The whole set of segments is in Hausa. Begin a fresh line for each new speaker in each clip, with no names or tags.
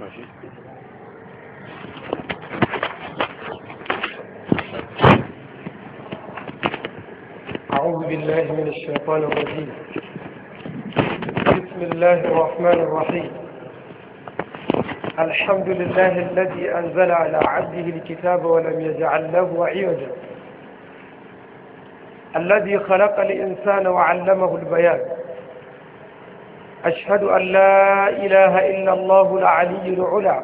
ماشي
أعوذ بالله من الشيطان الرجيم بسم الله الرحمن الرحيم الحمد لله الذي أنزل على عبده الكتاب ولم يجعل له عوجا الذي خلق الإنسان وعلمه البيان أشهد أن لا إله إلا الله العلي العلى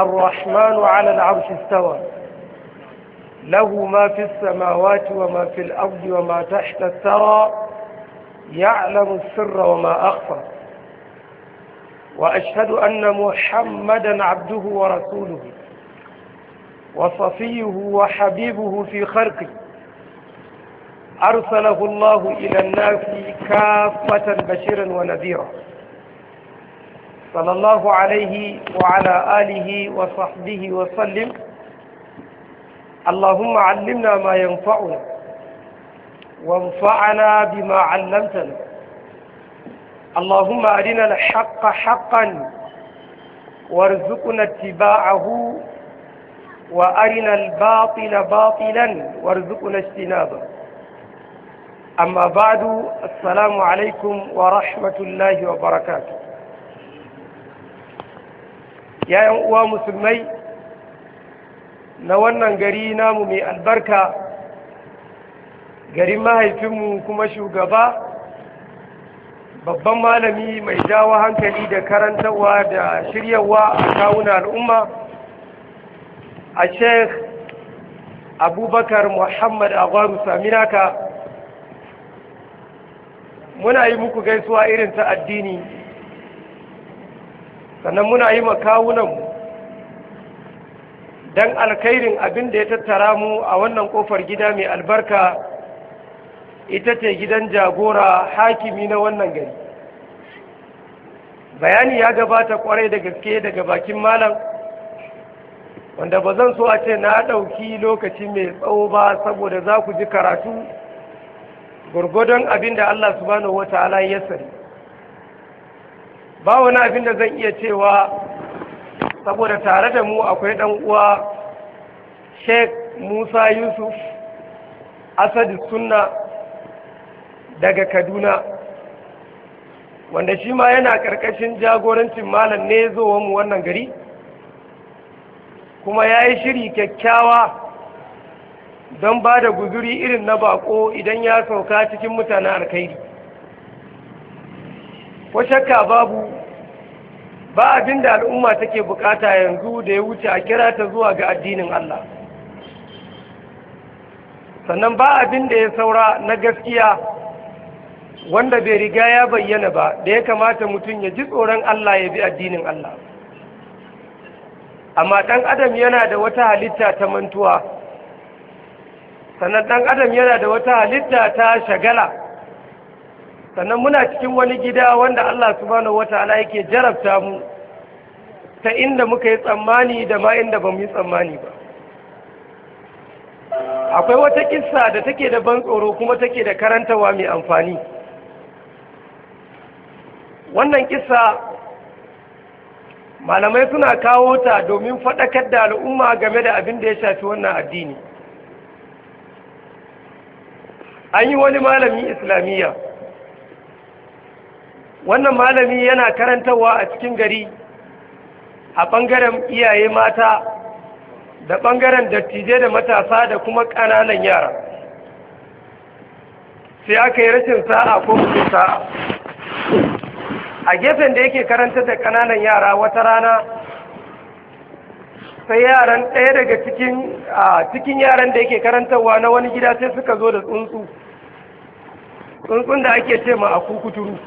الرحمن على العرش استوى له ما في السماوات وما في الأرض وما تحت الثرى يعلم السر وما أخفى وأشهد أن محمدا عبده ورسوله وصفيه وحبيبه في خلقه أرسله الله إلى الناس كافة بشيرا ونذيرا صلى الله عليه وعلى آله وصحبه وسلم اللهم علمنا ما ينفعنا وانفعنا بما علمتنا اللهم أرنا الحق حقا وارزقنا اتباعه وأرنا الباطل باطلا وارزقنا اجتنابه أما بعد السلام عليكم ورحمة الله وبركاته يا na مسلمي نوانا غرينا ممي البركة garin mahaifinmu كما shugaba babban malami mai jawo hankali da karantarwa da shiryawa a kawuna al'umma a sheikh abubakar muhammad agwaru saminaka muna yi muku gaisuwa irin ta addini sannan muna yi makawunanmu don alkhairin abin da ya tattara mu a wannan kofar gida mai albarka ita ce gidan jagora hakimi na wannan gari bayani ya gabata kwarai da gaske daga bakin malam wanda ba zan so a ce na ɗauki lokaci mai tsawo ba saboda za ku ji karatu gurgudun abin da Allah subhanahu wa ta'ala ya sani ba wani abin da zan iya cewa saboda tare da mu akwai ɗan uwa sheikh musa yusuf asadi sunna daga kaduna wanda shi ma yana ƙarƙashin jagorancin malam ne zuwa mu wannan gari kuma ya yi shiri kyakkyawa don ba da guzuri irin na bako idan ya sauka cikin mutanen alkhairi ko shakka babu ba abin da al'umma take bukata yanzu da ya wuce a kira ta zuwa ga addinin Allah sannan ba abin da ya saura na gaskiya wanda bai riga ya bayyana ba da ya kamata mutum ya ji tsoron Allah ya bi addinin Allah amma ɗan adam yana da wata halitta ta mantuwa sannan ɗan adam yana da wata halitta ta shagala sannan muna cikin wani gida wanda Allah wata wata'ala yake jarabta mu ta inda muka yi tsammani da ma inda ba mu yi tsammani ba akwai wata kissa da take da ban tsoro kuma take da karantawa mai amfani wannan kissa malamai suna kawo ta domin faɗakar da al'umma game da abin da ya shafi wannan addini an yi wani malami islamiyya wannan malami yana karantarwa a cikin gari a ɓangaren iyaye mata da ɓangaren dattijai da matasa da kuma ƙananan yara sai aka yi rashin sa'a ko kuma sa'a a gefen da yake karanta da ƙananan yara wata rana sai yaran ɗaya daga cikin yaran da yake karantarwa na wani gida sai suka zo da tsuntsu tsuntsun da ake ce ma a kukuturu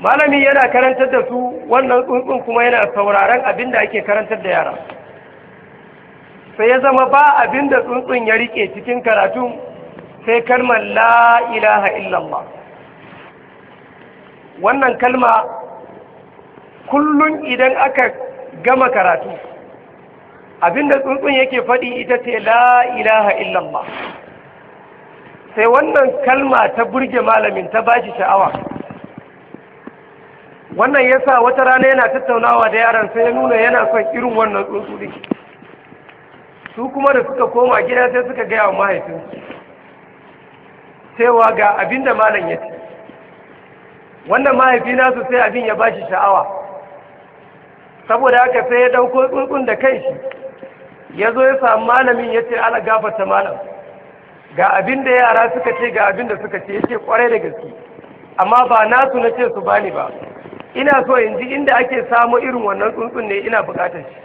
malami yana karantar da su wannan tsuntsun kuma yana sauraron abin da ake karantar da yara sai ya zama ba abin da tsuntsun ya rike cikin karatu sai kalmar la ilaha illallah wannan kalma kullum idan aka gama karatu abin da tsuntsun yake faɗi ita ce la ilaha illallah sai wannan kalma ta burge malamin ta bashi sha'awa wannan ya sa wata rana yana tattaunawa da yaran sai ya nuna yana son irin wannan tsuntsu din su kuma da suka koma gida sai suka gaya wa mahaifinsu cewa ga abin da malam ya ce wannan mahaifi nasu sai abin ya bashi sha'awa saboda haka sai ya ɗauko tsuntsun da kai shi ya zo ya samu malamin ya ce ala gafarta malam ga abin da yara suka ce ga abin da suka ce yace kwarai da gaske amma ba nasu na ce su bani ba ina so in ji inda ake samu irin wannan tsuntsun ne ina bukatar shi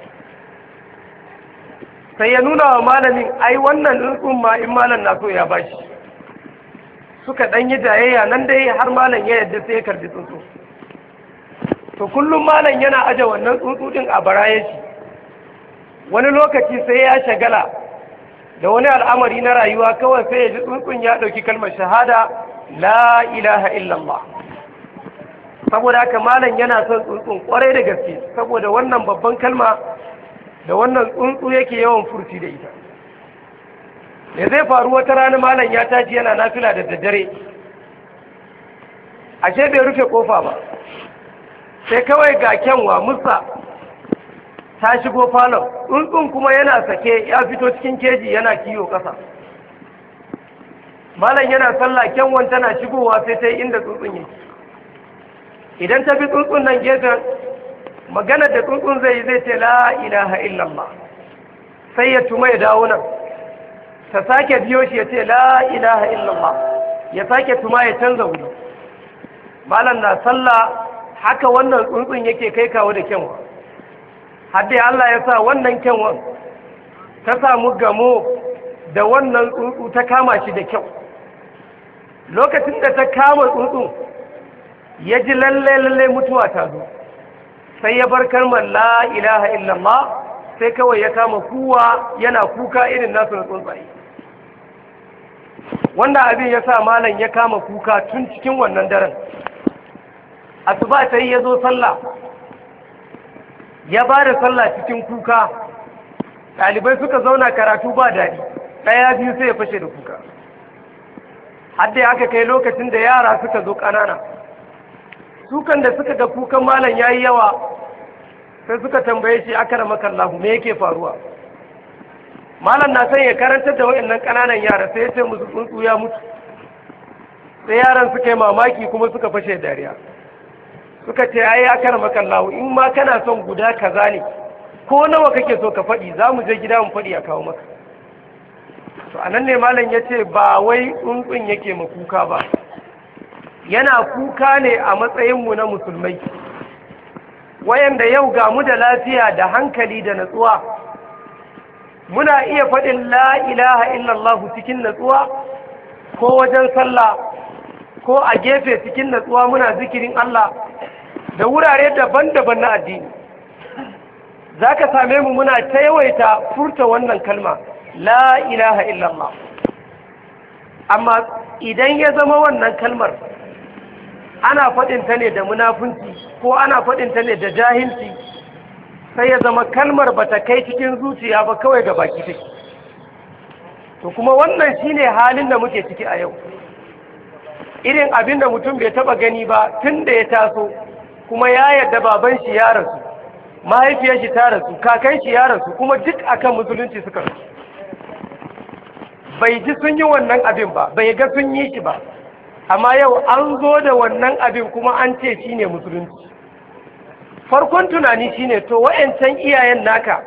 sai ya nuna wa malamin ai wannan tsuntsun ma in malam na so ya bashi suka dan yi jayayya nan dai har malam ya yadda sai ya karbi tsuntsu to kullum malam yana aje wannan tsuntsu din a baraye shi wani lokaci sai ya shagala da wani al'amari na rayuwa kawai sai ya ji tsuntsun ya ɗauki kalmar shahada la ilaha illallah saboda haka malam yana son tsuntsun kwarai da gaske saboda wannan babban kalma da wannan tsuntsu yake yawan furci da ita da zai faru wata rana malam ya tashi yana nafila da daddare ashe bai rufe kofa ba sai kawai ga kyanwa musa ta shigo falon tsuntsun kuma yana sake ya fito cikin keji yana kiyo ƙasa malam yana sallah kyanwan tana shigowa sai ta yi inda tsuntsun yake idan ta bi tsuntsun nan gefen magana da tsuntsun zai zai ce la ilaha illallah sai ya tuma ya dawo nan ta sake biyo shi ya ce la ilaha illallah ya sake tuma ya canza wuri malam na sallah haka wannan tsuntsun yake kai kawo da kyanwa hadde Allah ya sa wannan kyanwan ta samu gamo da wannan tsuntsu ta kama shi da kyau lokacin da ta kama tsuntsu ya ji lalle lalle mutuwa ta zo sai ya bar kalmar la ilaha illallah sai kawai ya kama kuwa yana kuka irin nasu na tsuntsaye wanda abin ya sa malam ya kama kuka tun cikin wannan daren asuba yi ya zo sallah ya ba da sallah cikin kuka ɗalibai suka zauna karatu ba daɗi ɗaya biyu sai ya fashe da kuka hadda aka kai lokacin da yara suka zo ƙanana sukan da suka ga kukan malam ya yi yawa sai suka tambaye shi aka rama kallahu me yake faruwa malam na son ya karantar da waɗannan ƙananan yara sai ya ce musu tsuntsu ya mutu sai yaran suka yi mamaki kuma suka fashe dariya suka ce ai ya karama kallahu in ma kana son guda kaza ne ko nawa kake so ka faɗi za mu je gida mu faɗi a kawo maka to anan ne malam ya ce ba wai tsuntsun yake ma kuka ba yana kuka ne a matsayinmu na musulmai wayanda yau ga mu da lafiya da hankali da natsuwa muna iya faɗin la ilaha illallahu cikin natsuwa ko wajen sallah ko a gefe cikin natsuwa muna zikirin Allah da wurare daban-daban na addini za ka same mu muna ta yawaita furta wannan kalma la ilaha illallah amma idan ya zama wannan kalmar ana faɗinta ne da munafunci ko ana faɗinta ne da jahilci sai ya zama kalmar ba ta kai cikin zuciya ba kawai ga baki take to kuma wannan shine halin da muke ciki a yau irin abin da mutum bai taba gani ba tun da ya taso kuma ya yarda baban shi ya rasu mahaifiyar shi ta rasu kakan shi ya rasu kuma duk akan musulunci suka rasu bai ji sun yi wannan abin ba bai ga sun yi shi ba amma yau an zo da wannan abin kuma an ce shi ne musulunci farkon tunani shi ne to can iyayen naka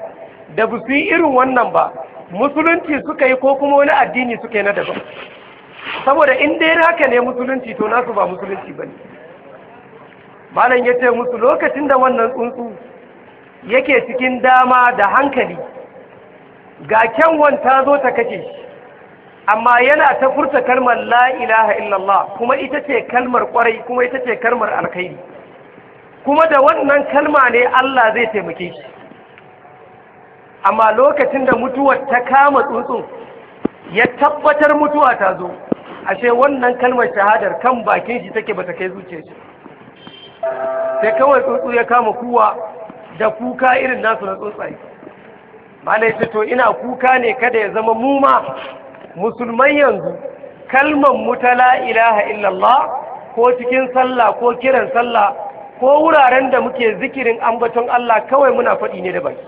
da ba su yi irin wannan ba musulunci suka yi ko kuma wani addini suka yi na daban saboda in dai haka ne musulunci to nasu ba musulunci ba ne malam ya ce musu lokacin da wannan tsuntsu yake cikin dama da hankali ga kyanwan ta zo ta kashe shi amma yana ta furta kalmar la ilaha illallah kuma ita ce kalmar kwarai kuma ita ce kalmar alkhairi kuma da wannan kalma ne Allah zai taimake shi amma lokacin da mutuwar ta kama tsuntsu ya tabbatar mutuwa ta zo ashe wannan kalmar shahadar kan bakin shi take bata kai zuciyarsa sai kawai tsuntsu ya kama kuwa da kuka irin nasu na tsuntsaye malai to ina kuka ne kada ya zama muma musulman yanzu kalman mutala ilaha illallah ko cikin sallah ko kiran sallah ko wuraren da muke zikirin ambaton Allah kawai muna faɗi ne da baki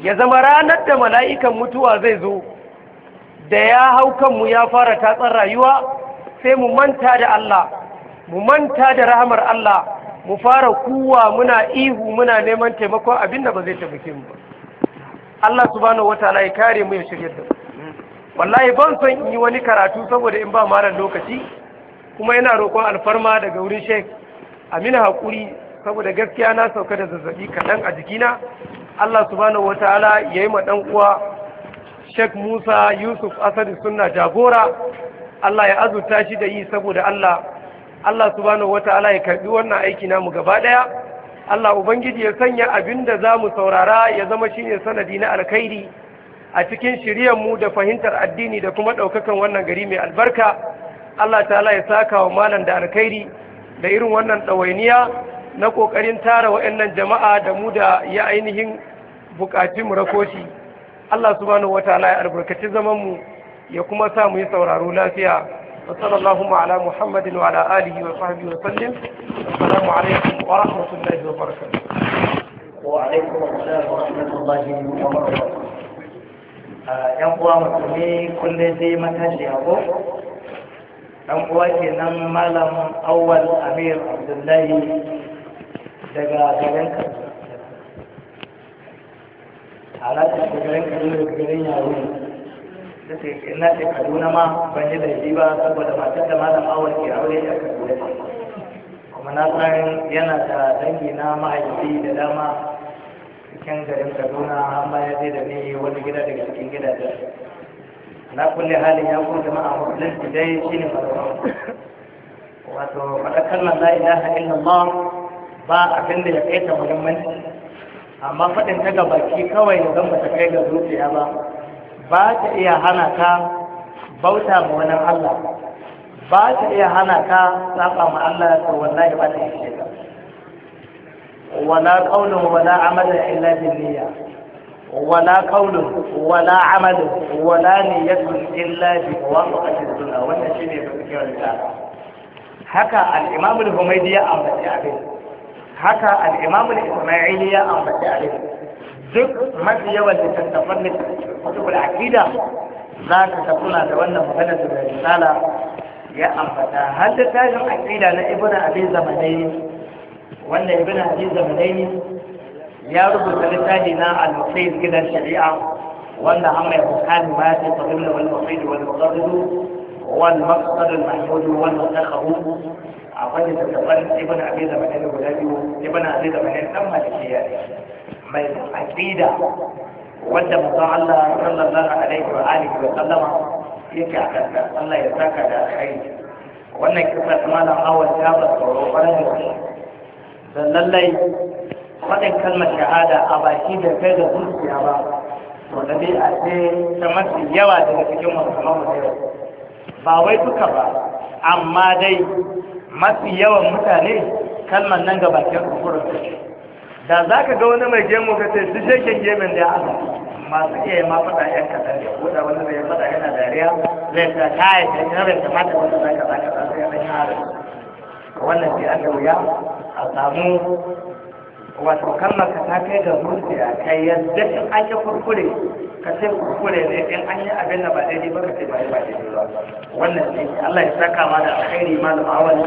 ya zama ranar da mala'ikan mutuwa zai zo da ya hau kanmu ya fara tatsar rayuwa sai mu manta da Allah mu manta da rahamar Allah mu fara kuwa muna ihu muna neman taimakon abin da ba zai taimake mu ba Allah subhanahu wataala ya kare mu ya shirya da wallahi ban son yi wani karatu saboda in ba malam lokaci kuma yana roƙon alfarma daga wurin sheikh amina haƙuri saboda gaskiya na sauka da zazzabi kaɗan a jikina Allah subhanahu wataala ya yi ma ɗan uwa Sheikh Musa Yusuf Asadi suna jagora Allah ya azurta shi da yi saboda Allah Allah subhanahu wata'ala ya karbi wannan aiki mu gaba daya Allah ubangiji ya sanya abin da za mu saurara ya zama shine sanadi na alkhairi a cikin shiryan mu da fahimtar addini da kuma ɗaukakan wannan gari mai albarka Allah ta'ala ya saka wa malam da alkhairi da irin wannan ɗawainiya na ƙoƙarin tara wa'annan jama'a da mu da ya ainihin buƙaci mu rakoshi Allah subhanahu wataala ya albarkaci zaman mu ya kuma sa mu yi sauraro lafiya وصلى اللهم على محمد وعلى آله وصحبه وسلم السلام عليكم ورحمة الله وبركاته وعليكم السلام ورحمة الله
وبركاته
آه، يقوى مسلمي كل ذي متجه أن قواتي نم مالهم أول أمير عبد الله دقا دقنك على تشكرنك اللي ta ce ina ce kaduna ma ban yi laifi ba saboda matar da malam awar ke aure a kaduna ce kuma na san yana da dangi na mahaifi da dama cikin garin kaduna an baya zai da ni wani gida daga cikin gidajen na kulle halin ya ko jama'a musulunci
dai shine malaman wato faɗakar nan la haɗin illallah ba abin da ya kai ta muhimmanci amma faɗin ta ga baki kawai ya zama ta kai ga zuciya ba ba ta iya hana ka bauta ma wani Allah ba ta iya hana ka saba ma Allah to wallahi ba ta iya ka wala qaulun wala amalan illa binniyya wala qaulun wala amalan wala niyyatun illa bi waqati sunna
wannan shine fakiyar ta haka al-imam al-humaydi ya ambaci abin haka al-imam al-isma'ili ya ambaci abin duk mafi yawan littattafan littattafan kutubul aqida za ka tafuna da wannan maganar da risala
ya ambata har da tashin aqida na ibnu abi zamanaini wanda ibnu abi zamanaini ya rubuta littafi na al-musayyid gidan shari'a wanda amma ya bukari ma ya ce fadimna wal musayyid wal muqaddidu wal maqsad al mahmud wal mutaqahu akwai da tabbata ibnu abi zamanaini guda biyu ibnu abi zamanaini dan malikiya mai aqida wanda mutum Allah sallallahu alaihi wa alihi wa sallama yake a kanta Allah ya saka
da alkhairi. wannan kisa ta malam awal ya ba tsoro ƙwarar da da lallai faɗin kalmar shahada a baki da kai da zuciya ba
to da dai a ce ta mafi yawa daga cikin musulman mu yau ba wai
duka ba amma dai mafi yawan mutane kalmar nan ga bakin kufurin su da za ka ga wani mai gemu ka ce duk shekin gemin da ya asa masu iya yi ma faɗa yan kaɗan da ko da wani zai faɗa yana dariya zai ta kai da yana
bai kamata wani za ka za ka za ka yana yara wannan sai an da wuya a samu wato kalmar ka ta kai ga zuciya kai yadda in
an yi kurkure ka ce kurkure ne
in an yi abin da ba daidai ba ka ce ba ba daidai ba wannan
ne Allah ya saka ma da alkhairi malam awal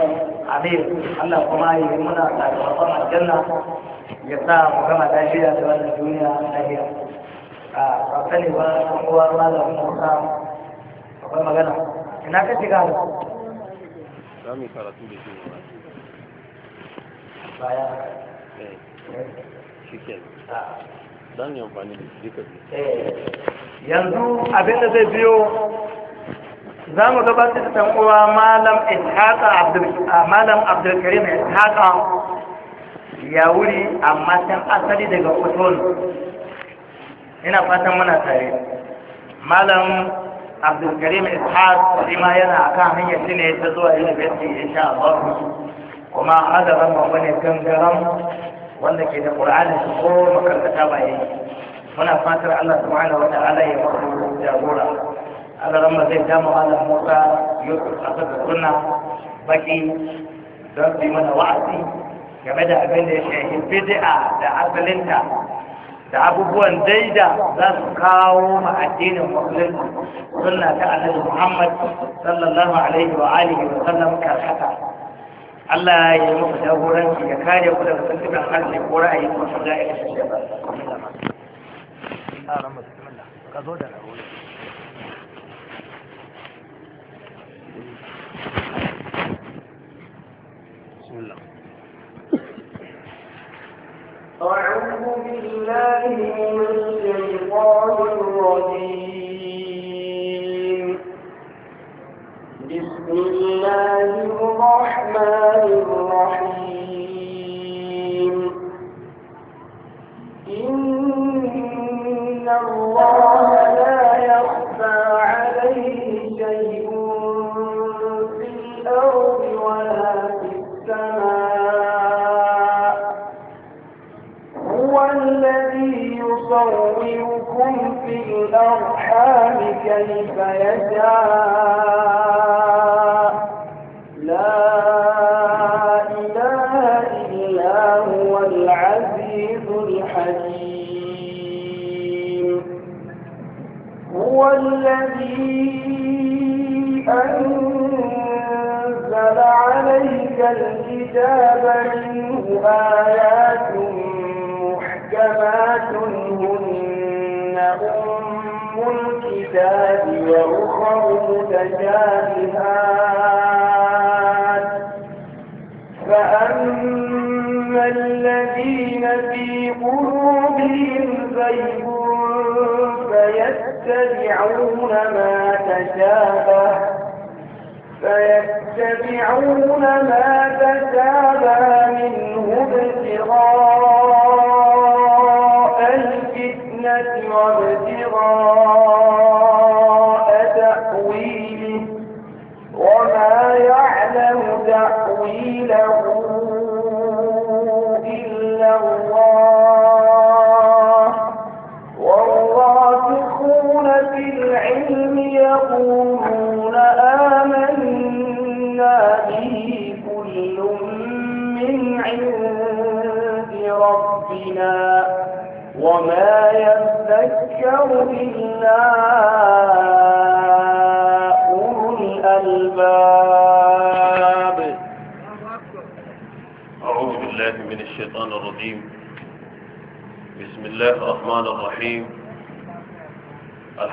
amin Allah kuma ya yi muna sakamakon aljanna ya sa mu gama lafiya da wannan duniya lafiya a ba sani ba an uwa malamin musa akwai magana ina ka shiga da
za mu karatu da shi ne baya eh, eh. shi ke dan yi amfani da shi eh.
yanzu abin da zai biyo za mu gabatar
da uwa malam ishaqa malam abdulkarim ishaqa ya wuri amma can asali daga usul ina fatan muna tare malam abdulkarim ishaq shi ma yana
akan hanyar shi ne ta zuwa university insha Allah kuma hadarin mu ne gangaran wanda ke da qur'ani ko makaranta ba yi muna fatar
Allah subhanahu wa ta'ala ya mutu jagora Allah ramma zai dama malam Musa Yusuf Asad suna baki don su yi mana wa'azi game da abin da ya shafi bid'a da asalinta da abubuwan daida za su kawo ma addinin musulunci sunna ta annabi Muhammad sallallahu
alaihi wa alihi wa sallam karkata Allah ya yi muku jagoranci ya kare ku daga tuntuɓen harshe ko ra'ayi ko sun ga irin shi ba.
Ka zo da بسم أعوذ بالله من الشيطان الرجيم بسم الله الرحمن الرحيم إن الله لا يخفى عليه شيء يصوركم في الأرحام كيف يشاء لا إله
إلا هو العزيز الحكيم
هو الذي أنزل عليك الكتاب منه
آيات كما تنهن أم الكتاب وأخر متشابهات
فأما الذين في قلوبهم زيغ
فيتبعون ما تشابه
فيتبعون ما تشابه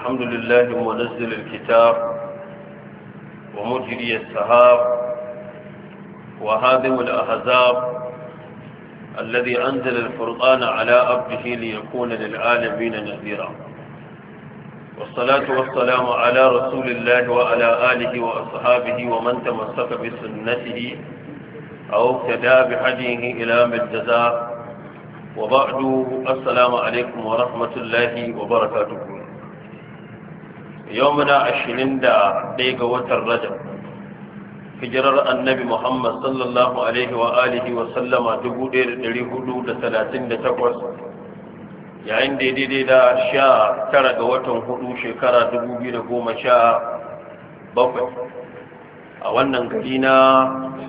الحمد لله منزل الكتاب ومجري السهاب وهادم الأحزاب الذي أنزل الفرقان على عبده ليكون للعالمين نذيرا والصلاة والسلام على رسول الله وعلى آله وأصحابه ومن تمسك بسنته أو اقتدى بهديه إلى مجزاه وبعد السلام عليكم ورحمة الله وبركاته yau muna ashirin da ɗaya ga watan rajab hijirar annabi muhammad sallallahu alaihi wa alihi wa sallama dubu ɗaya da ɗari hudu da talatin da takwas yayin da daidai da sha tara ga watan hudu shekara dubu biyu da goma sha bakwai a wannan gari na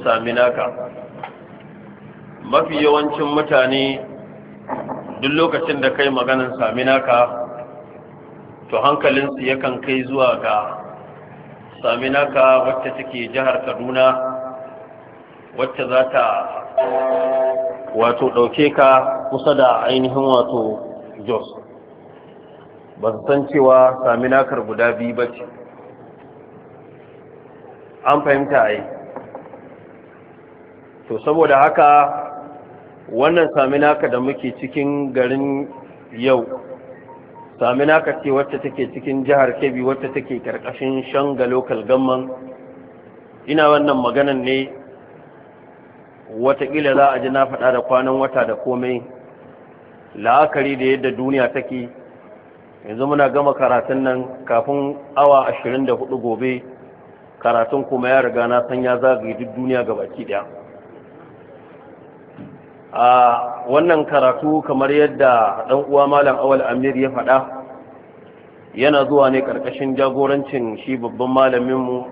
saminaka mafi yawancin mutane duk lokacin da kai maganin saminaka to hankalinsu yakan kai zuwa ga saminaka wacce take jihar kaduna wacce za ta wato ɗauke ka kusa da ainihin wato jos ba san cewa saminakar guda biyu ba ce an fahimta a yi to saboda haka wannan saminaka da muke cikin garin yau samina na wacce take cikin jihar kebbi wacce take karkashin shanga local gamman ina wannan maganan ne watakila za a ji na faɗa da kwanan wata da komai la'akari da yadda duniya take yanzu muna gama karatun nan kafin awa 24 gobe karatun kuma ya riga na san ya zagaye duk duniya ga daya a wannan karatu kamar yadda ɗan uwa malam awal amir ya faɗa yana zuwa ne ƙarƙashin jagorancin shi babban malaminmu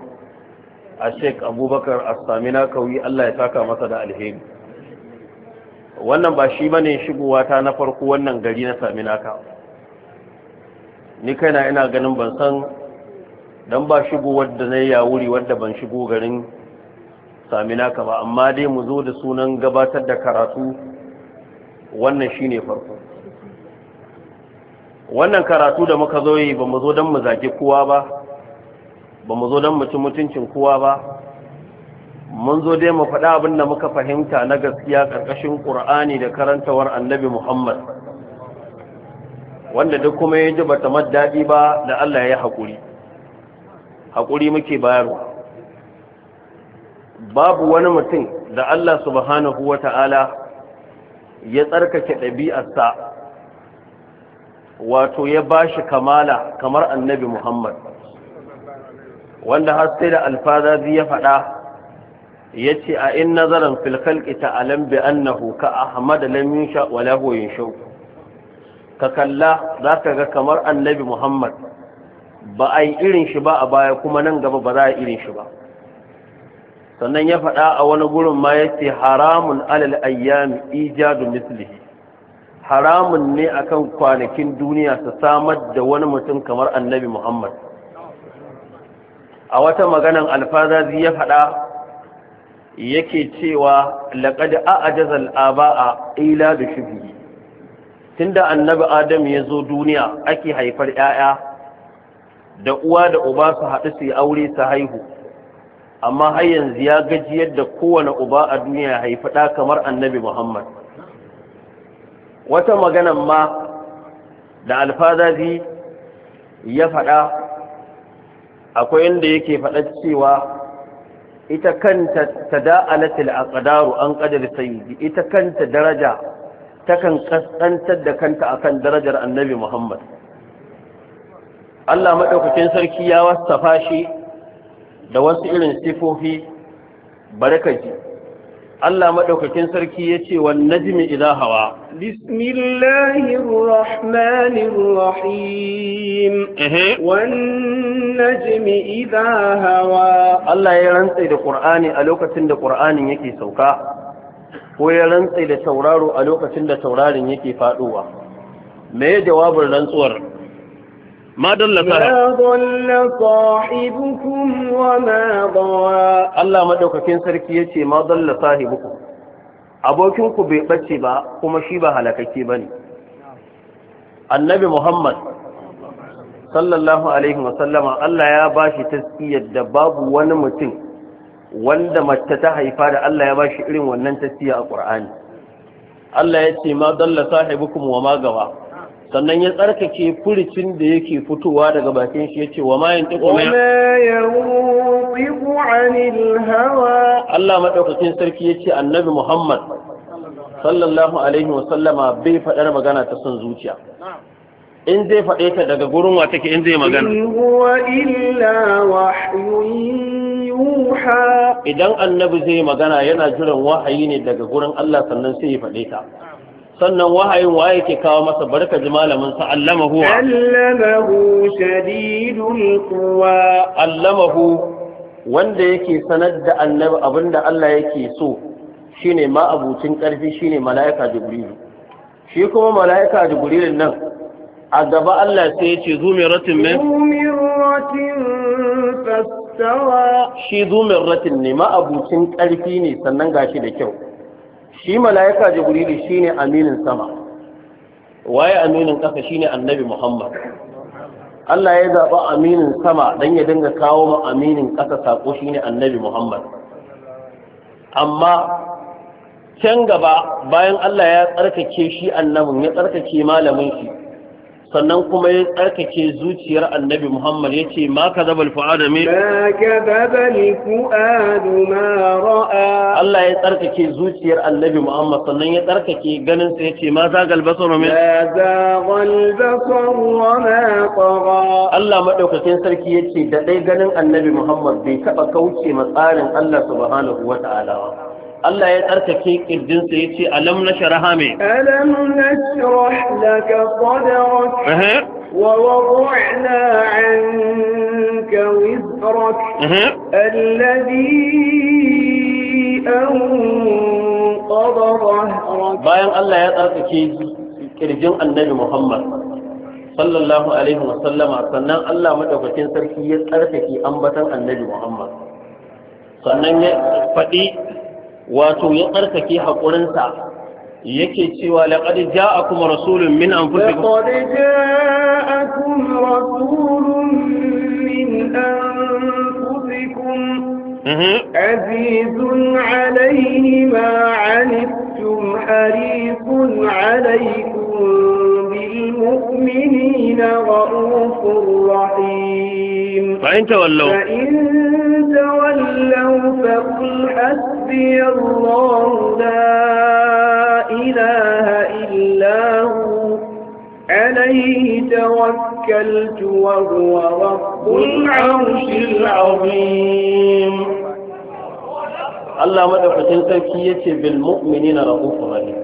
a sheikh abubakar astamina kauyi allah ya saka masa da alheri wannan ba shi bane shigowa ta na farko wannan gari na saminaka ni kaina ina ganin ban san dan ba shigowar da na yi yawuri wadda ban shigo garin sami naka ba amma dai mu zo da sunan gabatar da karatu wannan shine farko wannan karatu da muka zo yi ba mu zo don mu zaki kowa ba ba mu zo don mu ci mutuncin kowa ba mun zo dai mu faɗa abin da muka fahimta na gaskiya ƙarƙashin ƙur'ani da karantawar annabi muhammad wanda duk kuma ya ji bata daɗi ba da allah ya yi haƙuri haƙuri muke bayarwa babu wani mutum da Allah subhanahu wa ta'ala ya tsarkake ɗabi'arsa wato ya ba shi kamala kamar annabi Muhammad wanda har sai da alfazazi ya faɗa ya ce a in nazarin filkalki ta'alam bi annahu ka ahmad lam yunsha wa lahu ka kalla zaka ga kamar annabi Muhammad ba a yi irin shi ba a baya kuma nan gaba ba za a irin shi ba sannan ya faɗa a wani gurin ma ya ce haramun alal ayyami ijadu mislihi haramun ne akan kwanakin duniya su samar da wani mutum kamar annabi muhammad a wata maganan alfazazi ya faɗa yake cewa laƙadi a ajazal aba'a ila da shubi tunda annabi adam ya zo duniya ake haifar 'ya'ya da uwa da uba su haɗu su yi aure su haihu amma har yanzu ya gaji yadda kowane uba a duniya haifi ɗa kamar annabi muhammad wata maganan ma da alfazazi ya faɗa akwai inda yake faɗa cewa ita kanta ta da'alatil aqdaru an qadar sayyidi ita kanta daraja takan kasantar da kanta akan darajar annabi muhammad Allah maɗaukacin sarki ya wasafa shi da wasu irin sifofi barkaji Allah madaukakin sarki yace wan najmi idha hawa bismillahir rahmanir rahim wan najmi hawa Allah ya rantsa da Qur'ani a lokacin da Qur'anin yake sauka ko ya rantsa da tauraro a lokacin da taurarin yake faduwa me jawabin rantsuwar ما ضل صاحب ما ضل صاحبكم وما غوى الله مدوكاكين سركي يتي ما ضل صاحبكم abokinku bai ɓace ba kuma shi ba halakakke ba ne annabi muhammad sallallahu alaihi wasallama allah ya taskiyar da babu wani mutum wanda mace ta haifa da allah ya ba shi irin wannan taskiya a ƙur'ani allah ya ce ma dalla sahibukum wa ma gawa sannan ya tsarkake furicin da yake fitowa daga bakin shi yace wa ma yantiqu ya
yantiqu
anil hawa Allah madaukakin sarki yace annabi Muhammad sallallahu alaihi wa sallama bai faɗar magana ta son zuciya in zai faɗe ta daga gurin wa take in zai magana illa yuha. idan annabi zai magana yana jiran wahayi ne daga gurin Allah sannan sai ya faɗe ta sannan wahayin waye ke kawo masa barka ji malamin sa allamahu allamahu shadidul quwa allamahu wanda yake sanar da annabi abinda Allah yake so shine ma abucin karfi shine malaika jibril shi kuma malaika jibril nan a gaba Allah sai ya ce zumiratin min
zumiratin fastawa
shi zumiratin ne ma abucin karfi ne sannan gashi da kyau shi mala'ika jibrilu shine aminin sama waye aminin ƙasa shine annabi muhammad Allah ya zaɓa aminin sama don ya dinga kawo ma aminin ƙasa saƙo shine annabi muhammad amma can gaba bayan Allah ya tsarkake shi annabin ya tsarkake malamin shi sannan kuma ya tsarkake zuciyar annabi Muhammad ya ce ma ka zaba alfu'ada me ka Allah ya tsarkake zuciyar annabi Muhammad sannan ya tsarkake ganin sa ya ce ma za galbasaru me Allah madaukakin sarki ya ce da ɗai ganin annabi Muhammad bai taɓa kauce ma tsarin Allah subhanahu wa ta'ala Allah ya tsarkake kirjinsa ya ce alam na shara mai alam na shirah laka sadrak wa wada'na anka wizrak
alladhi anqadha dhahrak
bayan Allah ya tsarkake kirjin annabi Muhammad sallallahu alaihi wa sallama sannan Allah madaukakin sarki ya tsarkake ambatan annabi Muhammad sannan ya faɗi wato ya tsarkake haƙurinsa yake cewa laqad ja'akum rasulun min anfusikum laqad عزيز عليه ما عنتم حريص عليكم بالمؤمنين رؤوف رحيم فإن تولوا فإن تولوا فقل حسبي الله لا إله إلا هو عليه توكلت وهو رب العرش العظيم الله مدفتن سركي يتي بالمؤمنين رؤوف رحيم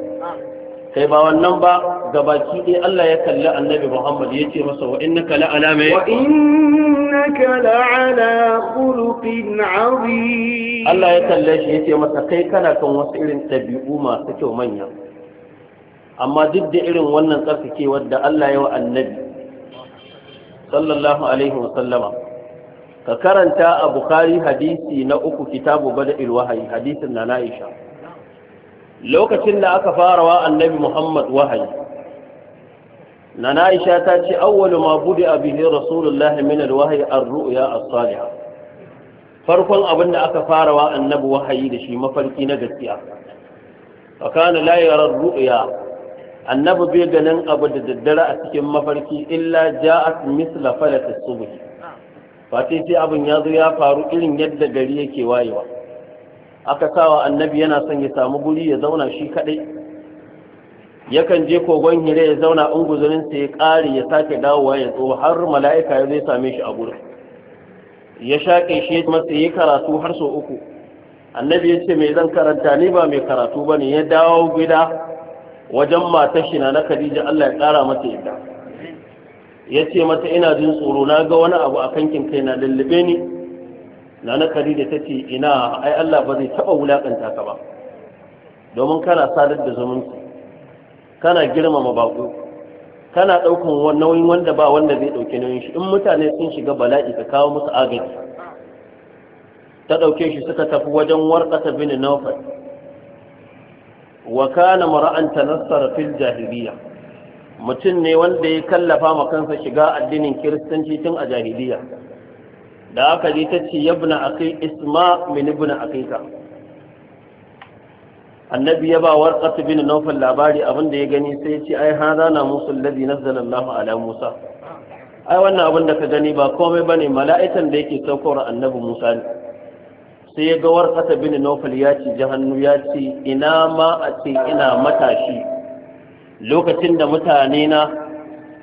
kai ba wannan ba gabaki ɗaya Allah ya kalli annabi Muhammad ya ce masa wa innaka la ala mai wa innaka la khuluqin azim Allah ya kalle shi ya ce masa kai kana kan wasu irin ɗabi'u masu kyau manya amma duk da irin wannan tsarkakewar da Allah ya wa annabi sallallahu alaihi wa sallama ka karanta a Bukhari hadisi na uku kitabu bada'il wahayi hadisin na Aisha lokacin da aka fara wa annabi Muhammad wahayi nana aisha ta ce awwalu ma budi abihi rasulullahi min alwahyi ar Ru'uya a salihah farkon abin da aka fara wa annabi wahayi da shi mafarki na gaskiya fa kana la ru'uya, annabi bai ganin abu da daddare a cikin mafarki illa ja'at misla falat as-subh fati sai abin ya zo ya faru irin yadda gari yake wayewa aka sawa annabi yana son ya samu guri ya zauna shi kadai yakan je kogon hire ya zauna in guzurinsa ya kare ya sake dawowa ya tso har mala'ika ya zai same shi a gurin ya shaƙe shi masa ya karatu har sau uku annabi ya ce mai zan karanta ni ba mai karatu ba ne ya dawo gida wajen matar shi na khadija allah ya ƙara mata yadda ya ce mata ina jin tsoro na ga wani abu a kankin kai na lullube ni na na khadija ta ce ina ai allah ba zai taɓa wulaƙanta ka ba domin kana sadar da zumunci kana girmama baƙo kana ɗaukan nauyin wanda ba wanda zai ɗauki nauyin shi in mutane sun shiga bala'i ka kawo musu agaji ta ɗauke shi suka tafi wajen warƙata bin naufal wa kana mara'an tanassar fil jahiliya mutum ne wanda ya kallafa ma kansa shiga addinin kiristanci tun a jahiliya da aka ji ta ce yabna akai isma min ibn akika annabi ya ba warqat bin nawfal labari abinda ya gani sai ya ce ai hada na musu alladhi nazzala Allahu ala Musa ai wannan abin da ka gani ba komai ba bane mala'ikan da yake saukar annabi Musa ne sai ya ga warqat bin nawfal ya ci jahannu ya ci, ina ma a ce ina matashi lokacin da mutane na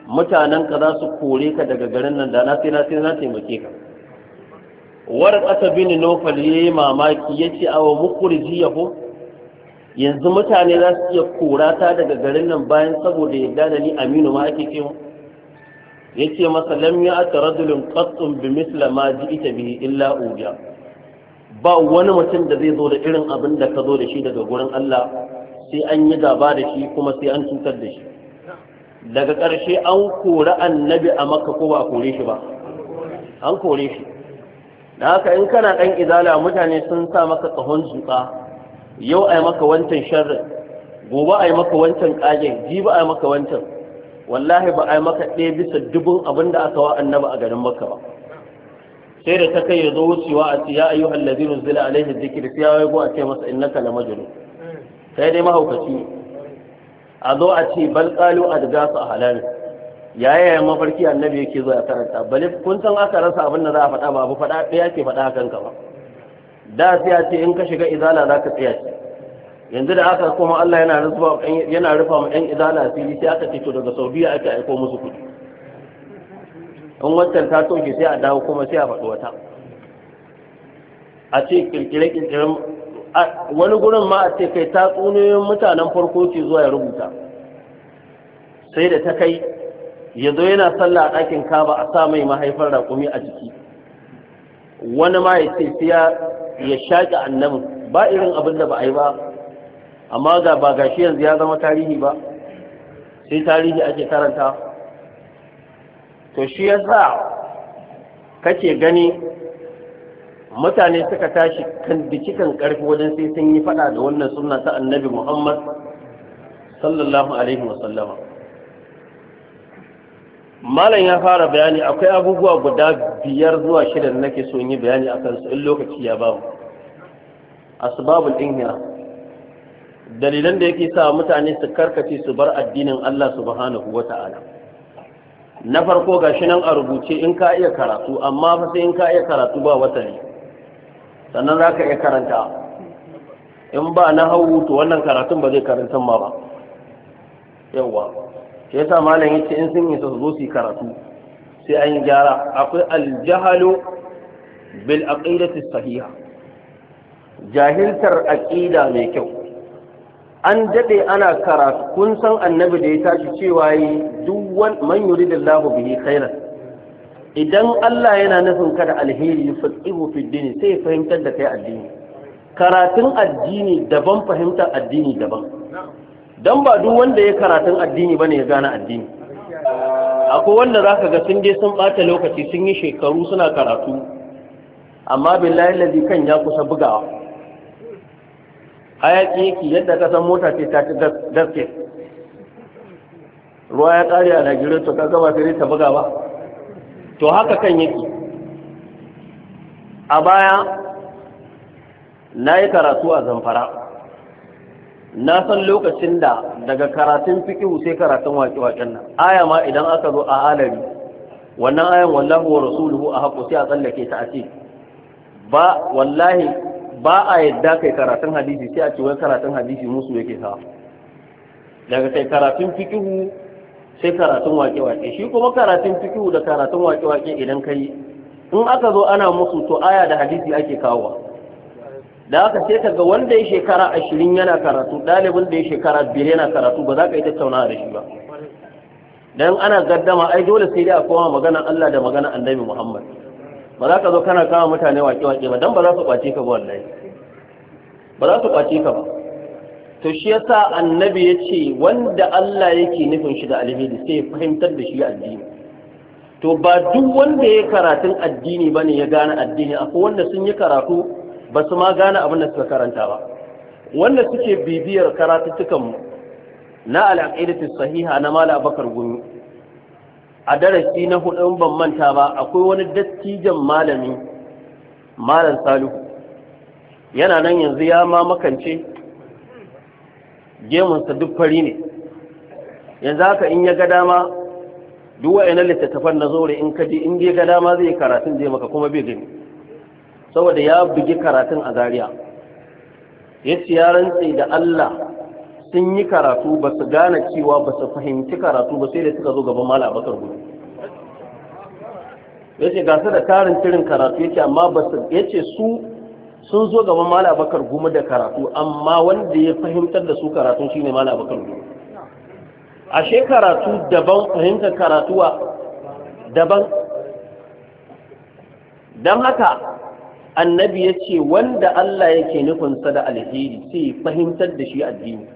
mutanen ka za su kore ka daga garin nan da na sai na sai na taimake ka warqat bin ya yayi mamaki yace awa mukurji yahu yanzu mutane za su iya kora ta daga garin nan bayan saboda yadda da ni aminu ma ake cewa ya ce masa lam ya ata rajulun qattun bi misla ma ita bihi illa ubiya ba wani mutum da zai zo da irin abin da ka zo da shi daga gurin Allah sai an yi gaba da shi kuma sai an cutar da shi daga ƙarshe an kori annabi a maka ko ba a kore shi ba an kore shi da haka in kana ɗan izala mutane sun sa maka ƙahon zuƙa yau a yi maka wancan sharrin gobe a yi maka wancan ƙagen jibi a yi maka wancan wallahi ba a yi maka ɗaya bisa dubun abin da aka wa annaba a garin maka ba sai da ta kai ya zo wucewa a ce ya ayyu allazi nuzila alaihi dhikr sai ya wayo a ce masa innaka na majalu. sai dai mahaukaci a zo a ce bal qalu a halal yaya ya mafarki annabi yake zo ya karanta bali kun san aka rasa abin da za a faɗa ba abu faɗa ɗaya ke faɗa kanka ba da sai a ce in ka shiga izala za ka tsaya ce yanzu da aka kuma Allah yana rufa yana rufa mu ɗan izala fili sai aka ce to daga Saudiya ake aiko musu kuɗi in wancan ta toke sai a dawo kuma sai a faɗi wata a ce kirkire kirkiren wani gurin ma a ce kai ta tsuniyoyin mutanen farko ce zuwa ya rubuta sai da ta kai ya zo yana sallah a ɗakin kaba a sa mai mahaifar raƙumi a jiki wani ma ya ce sai ya ya shaƙi annabin ba irin abin da ba a yi ba amma ga ba gashi yanzu ya zama tarihi ba sai tarihi ake karanta to shi ya sa kake gani mutane suka tashi kan dikikan ƙarfi wajen sai sun yi faɗa da wannan sunna ta annabi muhammad sallallahu alaihi wasallama malam ya fara bayani akwai abubuwa guda biyar zuwa shida da nake so yi bayani a kansu in lokaci ya ba asbabul inhira dalilan da yake sa mutane su karkace su bar addinin Allah subhanahu wata'ala na farko gashi nan a rubuce in ka iya karatu amma fa sai in ka iya karatu ba ne sannan za iya karanta in ba na hau to wannan karatun ba zai karanta ma ba yawwa shi yasa malam yace in sun yi su zo su karatu sai an gyara akwai aljahalu bil aqidati sahiha jahiltar aqida mai kyau an dade ana karatu kun san annabi da ya tashi cewa yi duk wani man yuridillahu bihi khairan idan Allah yana nufin ka da alheri yufaqihu fi dini sai fahimtar da kai addini karatun addini daban fahimtar addini daban Don ba duk wanda ya karatun addini bane ya gane addini akwai wanda zaka ga sun je sun bata lokaci sun yi shekaru suna karatu amma billahi ladhi kan ya kusa bugawa hayaki yake yadda ka san mota ce ta ci gaske ruwa ya tsari a Najeriya to ka ba sai ta buga ba to haka kan yake a baya na yi karatu a zamfara na san lokacin da daga karatun fiƙihu sai karatun waƙe-waƙen nan aya ma idan aka zo a alari wannan ayan wallahu wa rasuluhu a haƙo sai a tsallake ta a ce ba wallahi ba a yadda kai karatun hadisi sai a ce wai karatun hadisi musu yake sa daga kai karatun fiƙihu sai karatun waƙe-waƙe shi kuma karatun fiƙihu da karatun waƙe-waƙe idan ka yi in aka zo ana musu to aya da hadisi ake kawowa da haka sai ka ga wanda ya shekara ashirin yana karatu ɗalibin da ya shekara biyar yana karatu ba za ka yi tattaunawa da shi ba dan ana gaddama ai dole sai dai a koma magana Allah da magana Annabi Muhammad ba za ka zo kana kama mutane waƙe waƙe ba dan ba za su kwace ka ba wallahi ba za su kwace ka ba to shi yasa Annabi ya ce wanda Allah yake nufin shi da alheri sai ya fahimtar da shi addini to ba duk wanda ya karatun addini bane ya gane addini akwai wanda sun yi karatu ba su ma gane abin da suka karanta ba wanda suke bibiyar karatuttukan na al'aqidatu sahiha na mala bakar gumi a darasi na hudu ban manta ba akwai wani dattijan malami malam salihu yana nan yanzu ya ma makance gemunsa duk fari ne yanzu haka in ya ga dama duk wa'annan littattafan na zore in kaji in ga dama zai karatun zai maka kuma bai gani saboda ya bugi karatun a zariya ya ce ya rantse da Allah sun yi karatu ba su gane cewa ba su fahimci karatu ba sai da suka zo gaban mala bakar gudu ya ce gasa da tarin tirin karatu ya ce amma ba su ya ce su sun zo gaban mala bakar gudu da karatu amma wanda ya fahimtar da su karatu shine mala bakar gumu ashe karatu daban fahimtar karatuwa daban don haka annabi ya ce wanda Allah yake nufinsa da alheri sai fahimtar da shi addini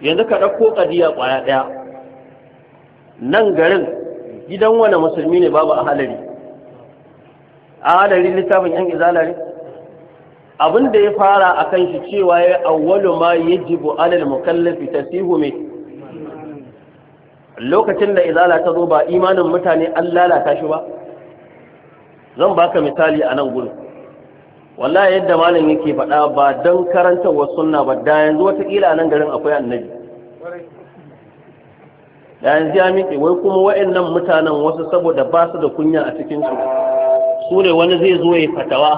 yanzu ka ɗauko ƙadiya ƙwaya ɗaya nan garin gidan wani musulmi ne babu a halari a halari littafin yan izalari abin da ya fara a kan shi cewa ya awwalu ma yajibu alal mukallafi tasihu mai lokacin da izala ta zo ba imanin mutane an lalata shi ba zan baka misali a nan gudu. wallahi yadda malam yake faɗa ba don wa sunna ba da yanzu wataƙila nan garin akwai annabi da yanzu ya miƙe wai kuma wa'annan mutanen wasu saboda ba su da kunya a cikinsu su ne wani zai zo ya fatawa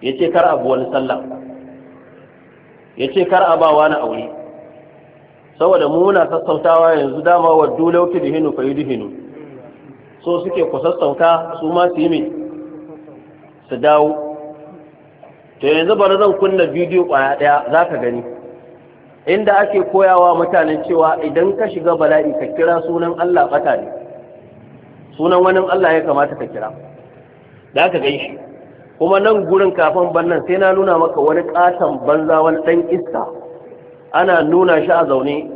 ya ce kar abu wani sallah ya ce kar a ba wani aure saboda muna sassautawa yanzu dama wa da hinu fa hinu. so suke ku sassauta su ma su yi mai su dawo to yanzu bari zan kunna bidiyo kwaya ɗaya za ka gani inda ake koyawa mutanen cewa idan ka shiga bala'i ka kira sunan Allah bata ne sunan wani Allah ya kamata ka kira da ka gan shi kuma nan gurin kafin bannan sai na nuna maka wani ƙaton banza wani ɗan iska ana nuna shi a zaune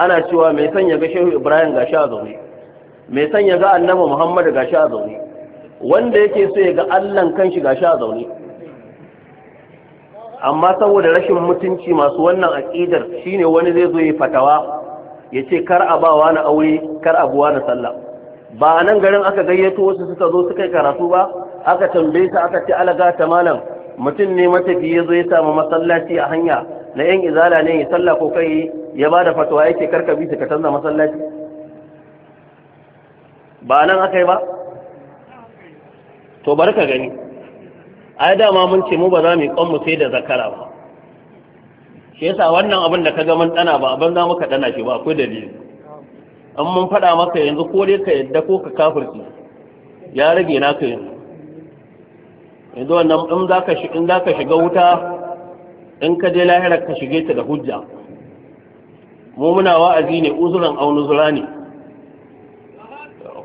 ana cewa mai son ya ga shehu ibrahim ga shi a zaune mai sanya ya ga annabi muhammadu gashi a zaune wanda yake so ya ga allahn kanshi gashi a zaune amma saboda rashin mutunci masu wannan aƙidar shine wani zai zo ya fatawa ya ce kar a ba na aure kar a buwa na sallah ba nan garin aka gayyato wasu suka zo suka yi karatu ba aka tambaye ta aka ce alaga ta malam mutum ne matafi ya zo ya samu masallaci a hanya na yan izala ne ya sallah ko kai ya ba da fatawa yake karka bi su ka canza masallaci ba nan aka yi ba to bari ka gani ai dama mun ce mu ba za mu yi mu sai da zakara ba shi yasa wannan abin da ka ga mun dana ba abin za muka dana shi ba akwai dalili an mun faɗa maka yanzu ko dai ka yadda ko ka kafirci ya rage na ka yanzu yanzu wannan in za ka in za ka shiga wuta in ka je lahira ka shige ta da hujja mu muna wa'azi ne uzuran aunuzura ne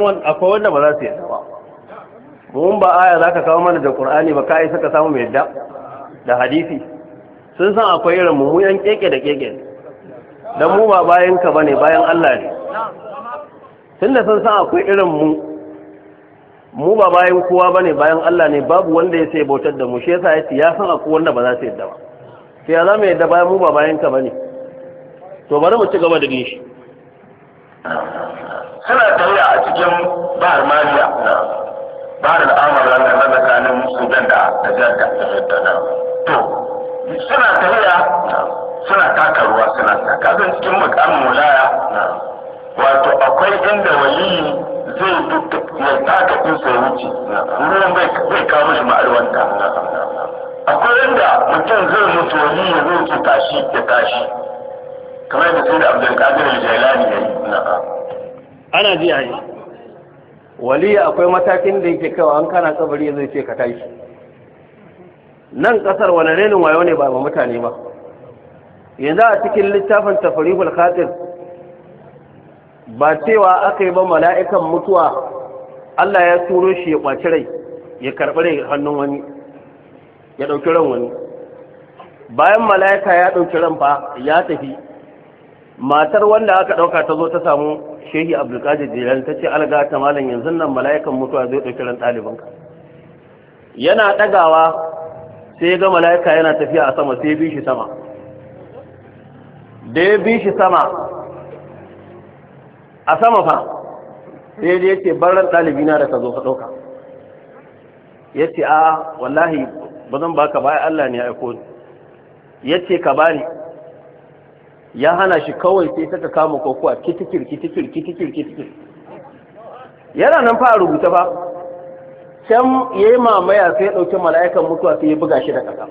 san akwai wanda ba za su yadda ba mun ba aya za ka kawo mana da qur'ani ba ka suka samu mai yadda da hadisi sun san akwai irin mu mu yan keke da keke dan mu ba bayan ka bane bayan Allah ne da sun san akwai irin mu mu ba bayan kowa bane bayan Allah ne babu wanda ya sai bautar da mu shi yasa yace ya san akwai wanda ba za su yadda ba sai ya zama yadda bayan mu ba bayan ka bane to bari mu ci gaba da bin shi suna tare cikin bahar maliya na
bahar al'amara na tsakanin sudan da tafiyar da tafiyar da to suna tafiya suna taka ruwa suna taka zan cikin mukamin mulaya wato akwai inda waliyi zai ya taka kun sai wuce ruwan bai kawo shi ma'arwanta akwai inda mutum zai mutu waliyi ya zai ce tashi ya tashi kamar da sai da abdulkadir jailani ya yi
ana ji a yi waliya akwai matakin da yake kawai an kana kabari zai ce ka tashi nan kasar wani renin wayo ne ba ba mutane ba yanzu a cikin littafin tafarihul khatir ba cewa aka yi ba mala'ikan mutuwa Allah ya turo shi ya kwaci rai ya karɓi rai hannun wani ya ɗauki ran wani bayan mala'ika ya ɗauki ran fa ya tafi matar wanda aka ɗauka ta zo ta samu shehi abdulkadir jilani ta ce alga ta malam yanzu nan mala'ikan mutuwa zai ɗauki ran ɗalibanka yana ɗagawa sai ga mala'ika yana tafiya a sama sai bi shi sama da ya bi shi sama a sama fa sai dai ce barin ran ɗalibina da ka zo ka ɗauka ya ce a wallahi ba zan baka ba Allah ne ya aiko ni ya ce ka bani ya hana shi kawai sai saka kama kokowa kitikir kitikir kitikir kitikir yana nan fa rubuta ba can yayi mamaya sai ya dauki mala'ikan mutuwa sai ya buga shi da kasa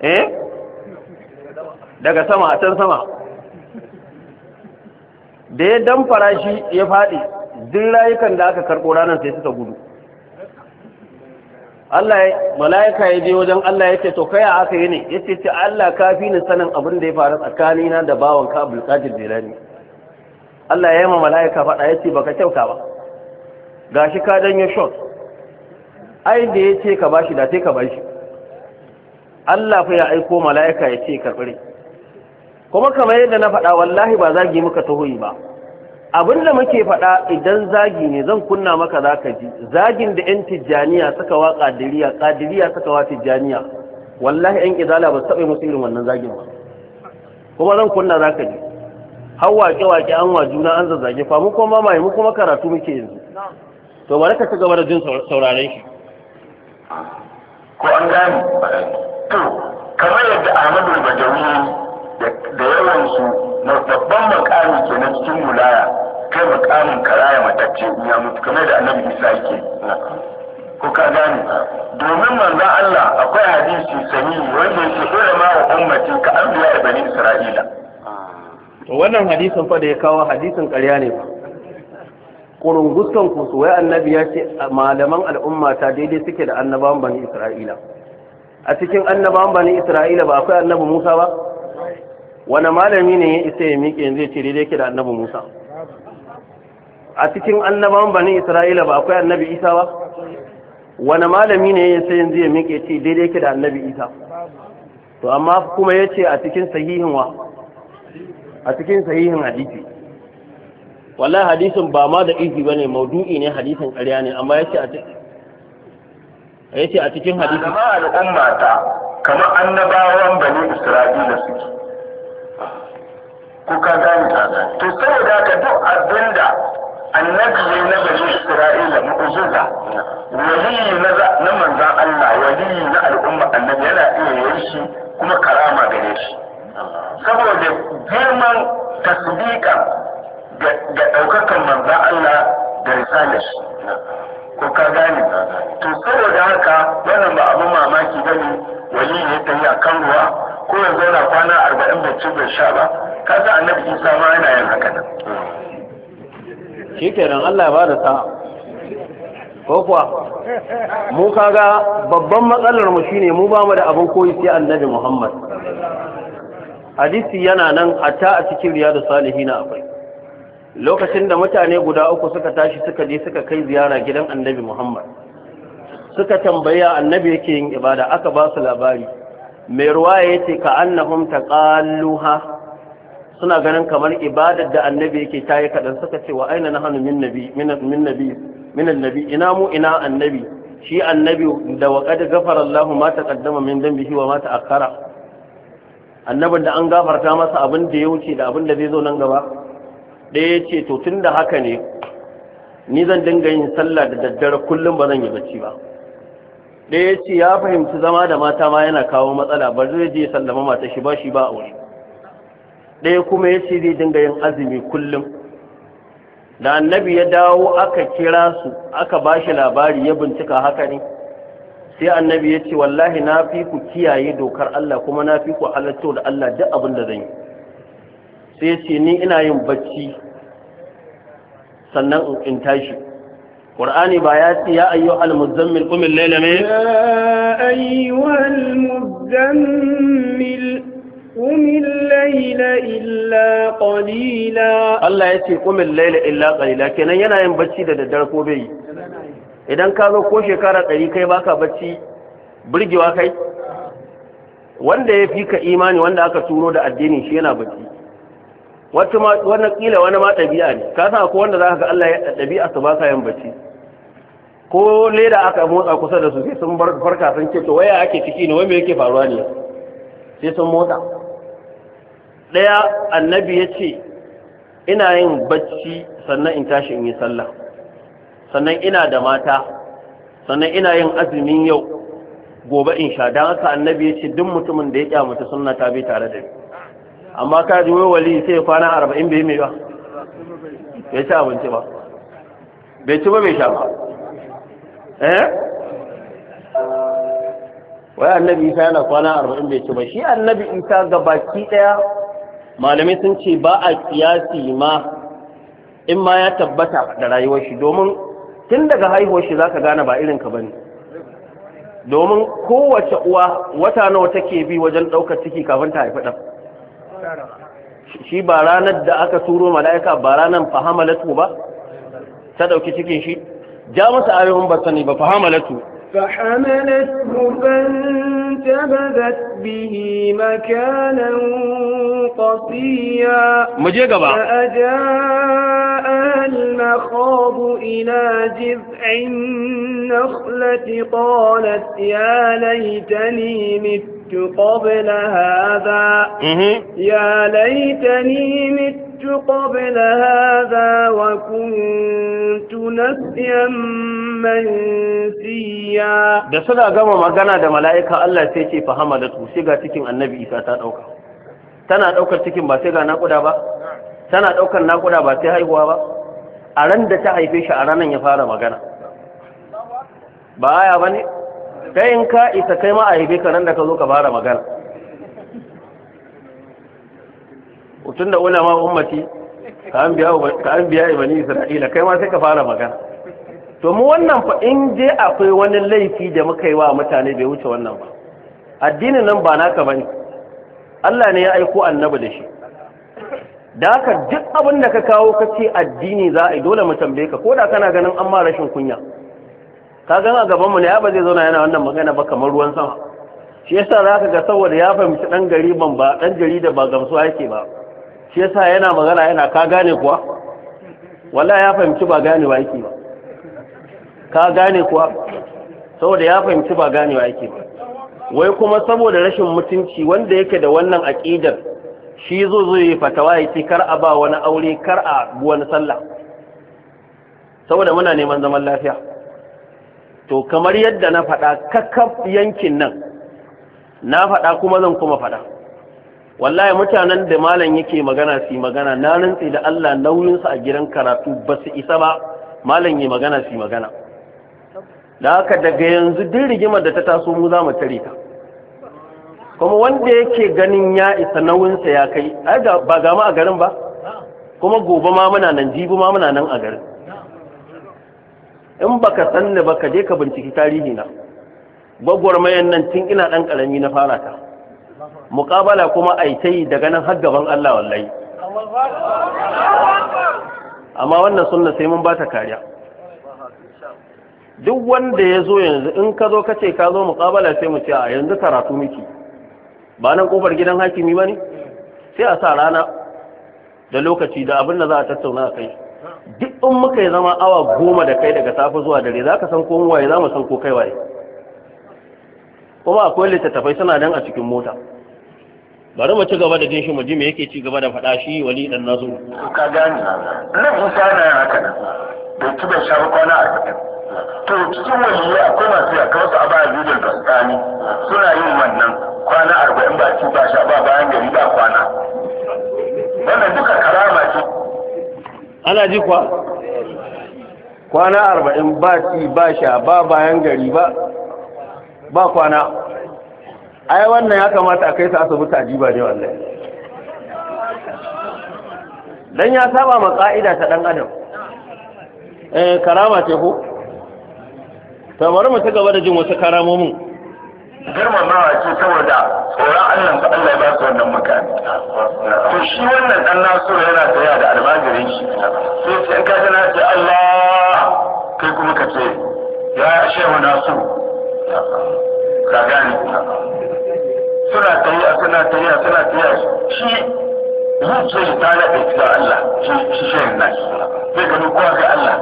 eh daga sama a can sama da ya damfara shi ya faɗi duk rayukan da aka karɓo ranar sai suka gudu Allah mala'ika ya je wajen Allah ya ce to kai aka yi ne ya ce ce Allah kafi ni sanin abin da ya faru tsakanina da bawan ka Abdul Qadir Jilani Allah ya yi ma mala'ika faɗa ya ce baka kyauta ba gashi ka danyo shot ai da ya ce ka bashi da sai ka bashi Allah fa ya aiko mala'ika ya ce karɓi kuma kamar yadda na faɗa wallahi ba za yi muka tahoyi ba abin da muke faɗa idan zagi ne zan kunna maka za ka ji zagin da 'yan tijjaniya suka wa ƙadiriya ƙadiriya suka wa tijjaniya wallahi 'yan izala ba su taɓa musu irin wannan zagin ba kuma zan kunna za ka ji har waƙe-waƙe an wa juna an zazzage fa mu kuma mamaye mu kuma karatu muke yanzu to bari ka ci gaba da jin sauraren shi
ko an gane to kamar yadda Ahmadu Bajawi da yawan su na babban makami ke na cikin mulaya kai makamin karaya matacce ya mutu kamar da annabi isa
yake ko ka gane domin manzon Allah akwai hadisi sahihi wanda yake dole ma wa ummati ka anbiya da bani isra'ila to wannan hadisin fa da ya kawo hadisin ƙarya ne fa kurunguskan ku su wai annabi ya ce malaman al'umma ta daidai suke da annabawan bani isra'ila a cikin annabawan bani isra'ila ba akwai annabi musa ba wani malami ne ya isa ya miƙe yanzu ya ce daidai ke da annabi Musa a cikin annaban bani Isra'ila ba akwai annabi Isa ba wani malami ne ya isa yanzu ya miƙe ce daidai ke da annabi Isa to amma kuma ya ce a cikin sahihin wa a cikin sahihin hadisi wallahi hadisin ba ma da izi bane maudu'i ne hadisin ƙarya ne amma yace a cikin yace a cikin hadisi al'umma ta kamar annabawan bani Isra'ila suke ko ka gane to
saboda haka duk abinda annabi ya na bani isra'ila mu'ujiza, waliyi na manzan Allah waliyi na al'umma annabi yana iya yin shi kuma karama gare shi saboda girman tasbika ga ɗaukakan manzan Allah da risalar shi ko ka gane to saboda haka wannan ba abin mamaki bane waliyi ya
yi a kan ruwa ko yanzu yana kwana arba'in bai ci bai sha ba ka annabi isa ma yana
yin haka nan shikenan Allah ya bada sa'a. ko kuwa mu kaga
babban matsalar mu shine mu ba mu da abin koyi sai annabi Muhammad hadisi yana nan hatta a cikin riyadu salihina akwai lokacin da mutane guda uku suka tashi suka je suka kai ziyara gidan annabi Muhammad suka tambaya annabi yake yin ibada aka ba su labari mai ruwa ya ce ka annahum taqalluha suna ganin kamar ibadar da annabi yake ta yi kaɗan suka ce wa aina na hannu min nabi min ina mu ina annabi shi annabi da wa kada gafara Allah ma ta min dambihi wa ma ta akara annabin da an gafarta masa abin da ya wuce da abin da zai zo nan gaba ɗaya ya ce to tun da haka ne ni zan dinga yin sallah da daddare kullum ba zan yi bacci ba da ya ce ya fahimci zama da mata ma yana kawo matsala ba zai je sallama mata shi ba shi ba aure ɗaya kuma ya ce zai dinga yin azumi kullum da annabi ya dawo aka kira su aka ba shi labari ya bincika haka ne sai annabi ya ce wallahi na fi ku kiyaye dokar Allah kuma na fi ku halatto da Allah duk abin da zan yi sai ya ce ni ina yin bacci sannan in tashi qur'ani ba ya ce ya ayyu al muzammil qum al layla me ya
ayyu al
illa qalila Allah ya ce qum al layla illa qalila kenan yana yin bacci da daddare ko bai yi. idan ka zo ko shekara ɗari kai baka bacci burgewa kai wanda ya fi ka imani wanda aka turo da addinin shi yana bacci wata ma wannan kila wani ma dabi'a ne ka san akwai wanda za ka ga Allah ya ɗabi'a su ba sa yin bacci ko leda aka motsa kusa da su sai sun farka sun ce to waya ake ciki ne wai me yake faruwa ne sai sun motsa ɗaya annabi ya ce ina yin bacci sannan in tashi in yi sallah sannan ina da mata sannan ina yin azumin yau gobe in sha Dan haka annabi ya ce duk mutumin da ya kyamata sunna ta bi tare da ni amma ka ji wai wali sai kwana arba'in bai mai ba bai ci abinci ba bai ci ba bai sha ba eh wai annabi isa yana kwana arba'in bai ci ba shi annabi isa ga baki ɗaya malamai sun ce ba a kiyasi ma in ma ya tabbata da rayuwar shi domin tun daga haihuwar shi zaka gane ba irin ka bane domin kowace uwa wata nawa take bi wajen ɗaukar ciki kafin ta haifi ɗan shi ba ranar da aka turo mala'ika ba ranar fahamalatu ba ta ɗauki cikin shi ja masa ayoyin ba sani ba fahamalatu فحملته فانتبذت به مكانا قصيا فأجاء المخاض إلى جذع النخلة قالت يا ليتني مت مت قبل هذا يا ليتني مت قبل هذا وكنت نسيا
منسيا
da suna gama magana da mala'ika Allah sai ce fa da su shiga cikin annabi Isa ta ɗauka. tana ɗaukar cikin ba sai ga naƙuda ba tana ɗaukar naƙuda ba sai haihuwa ba a ran da ta haife shi a ranan ya fara magana ba aya ba ne kai in ka isa kai ma a ka nan da ka zo ka fara magana tun da ulama ummati ka an biya ibani isra'ila kai ma sai ka fara magana to mu wannan fa in je akwai wani laifi da muka yi wa mutane bai wuce wannan ba addinin nan ba naka bane Allah ne ya aiko annabi da shi da haka duk abin da ka kawo ka ce addini za a yi dole mu tambaye ka ko da kana ganin an ma rashin kunya kaga a gaban mu ne ya ba zai zauna yana wannan magana ba kamar ruwan sama shi yasa ka ga saboda ya fahimci dan gariban ba dan jarida ba gamsuwa yake ba shi yasa yana magana yana ka gane kuwa wallahi ya fahimci ba ganewa yake ba ka gane kuwa saboda ya fahimci ba ganewa yake ba wai kuma saboda rashin mutunci wanda yake da wannan aqidar shi zo zo yi fatawa ya kar a ba wani aure kar a wani sallah saboda muna neman zaman lafiya to kamar yadda na faɗa kakaf yankin nan na faɗa kuma zan kuma faɗa wallahi mutanen da malam yake magana su magana na rantsi da Allah nauyinsu a gidan karatu ba su isa ba malam yi magana su magana da haka daga yanzu duk rigimar da ta taso mu za mu tare ta kuma wanda yake ganin ya isa nauyinsa ya kai ba gama a garin ba kuma gobe ma muna nan jibi ma muna nan a garin in baka sanni ba ka je ka binciki tarihi na mayan nan tun ina ɗan ƙarami na fara ta muƙabala kuma aitai daga nan har gaban Allah wallahi amma wannan sunna sai mun ba ta kariya duk wanda ya zo yanzu in ka zo ka ce ka zo muƙabala sai mu ce a yanzu karatu miki ba nan ƙofar gidan hakimi ba ne sai a sa rana da lokaci da abin da za a tattauna a kai duk in muka yi zama awa goma da kai daga safe zuwa dare za ka san ko mu waye za mu san ko kai waye kuma akwai littattafai suna nan a cikin mota bari mu ci gaba da jin shi mu ji me yake ci gaba da faɗa shi wali dan nazo
ka gani na in ta na haka da da ci ban shafa kwana a to cikin waliyai akwai masu ya kawo su a baya bidiyon tsakani suna yin wannan kwana arba'in ba ci ba sha ba bayan gari ba kwana wannan duka karama ce
ana ji kwa kwana arba'in ba ci ba sha ba bayan gari ba ba kwana ai wannan ya kamata a kai su asibiti a jiba ne wannan. dan ya saba ma ka'ida ta dan adam eh karama ce ko Ta bari mu ci gaba da jin wasu karamomin
girmamawa ce saboda tsoron Allah ba Allah ya ba su wannan makami to shi wannan dan nasu yana tsaya
da almajirin shi sai sai ka na ce Allah
kai kuma ka ce ya shehu nasu ka gane suna tafiya suna tafiya suna tafiya shi zuciyar ta da ta Allah shi shehu nasu zai gani kowa ga Allah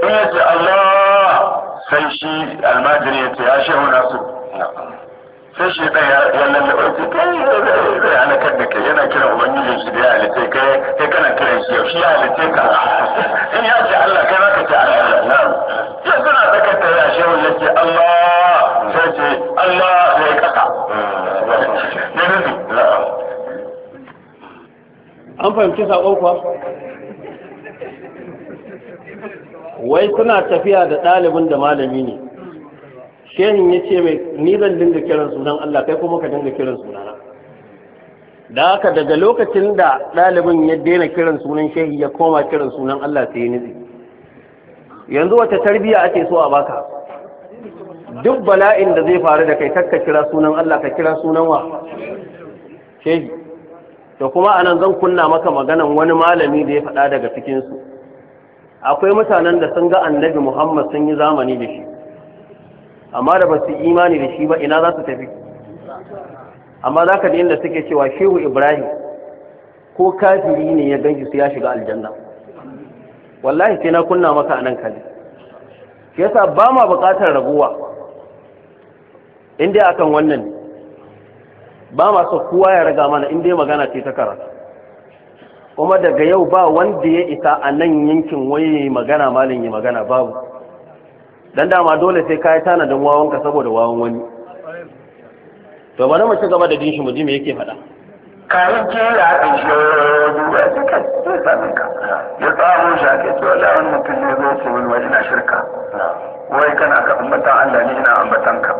sai ya ce Allah sai shi almajiri ya ce ya shehu nasu sai shi ɗan ya lallaba ce kai zai halakar da kai yana kiran ubangijin shi da ya halitta kai kai kana kira shi yau shi ya halitta ka in ya ce Allah kai zaka ce Allah na ya suna sakanta ya shehu ya ce Allah sai ce Allah sai kasa ne an fahimci saƙon kuwa wai suna tafiya
da ɗalibin da malami ne shehin ya ce mai ni zan dinga kiran sunan Allah kai kuma ka dinga kiran sunana da haka daga lokacin da ɗalibin ya daina kiran sunan shehi ya koma kiran sunan Allah sai yi nitsi yanzu wata tarbiyya ake so a baka duk bala'in da zai faru da kai takka kira sunan Allah ka kira sunan wa shehi to kuma anan zan kunna maka maganan wani malami da ya faɗa daga cikinsu akwai mutanen da sun ga annabi muhammad sun yi zamani da shi amma da ba su imani da shi ba ina za su tafi amma za ka da inda suke cewa shehu ibrahim ko kafiri ne ya ganshi su ya shiga aljanna wallahi sai na kunna maka a nan kaji shi yasa ba ma buƙatar raguwa in dai akan wannan ba ma so kowa ya raga mana in dai magana ce ta karatu kuma daga yau ba wanda ya isa a nan yankin waye magana malin ya magana babu dan dama dole sai ka yi tanadin wawanka saboda wawan wani to bari mu ci gaba da jin shi mu ji me yake faɗa
kayan kera a shaidu ya suka sami ka ya tsamo shi ake cewa la mutum ne zai ce wani wani shirka
wai kana ka ambatan Allah ne ina ambatan ka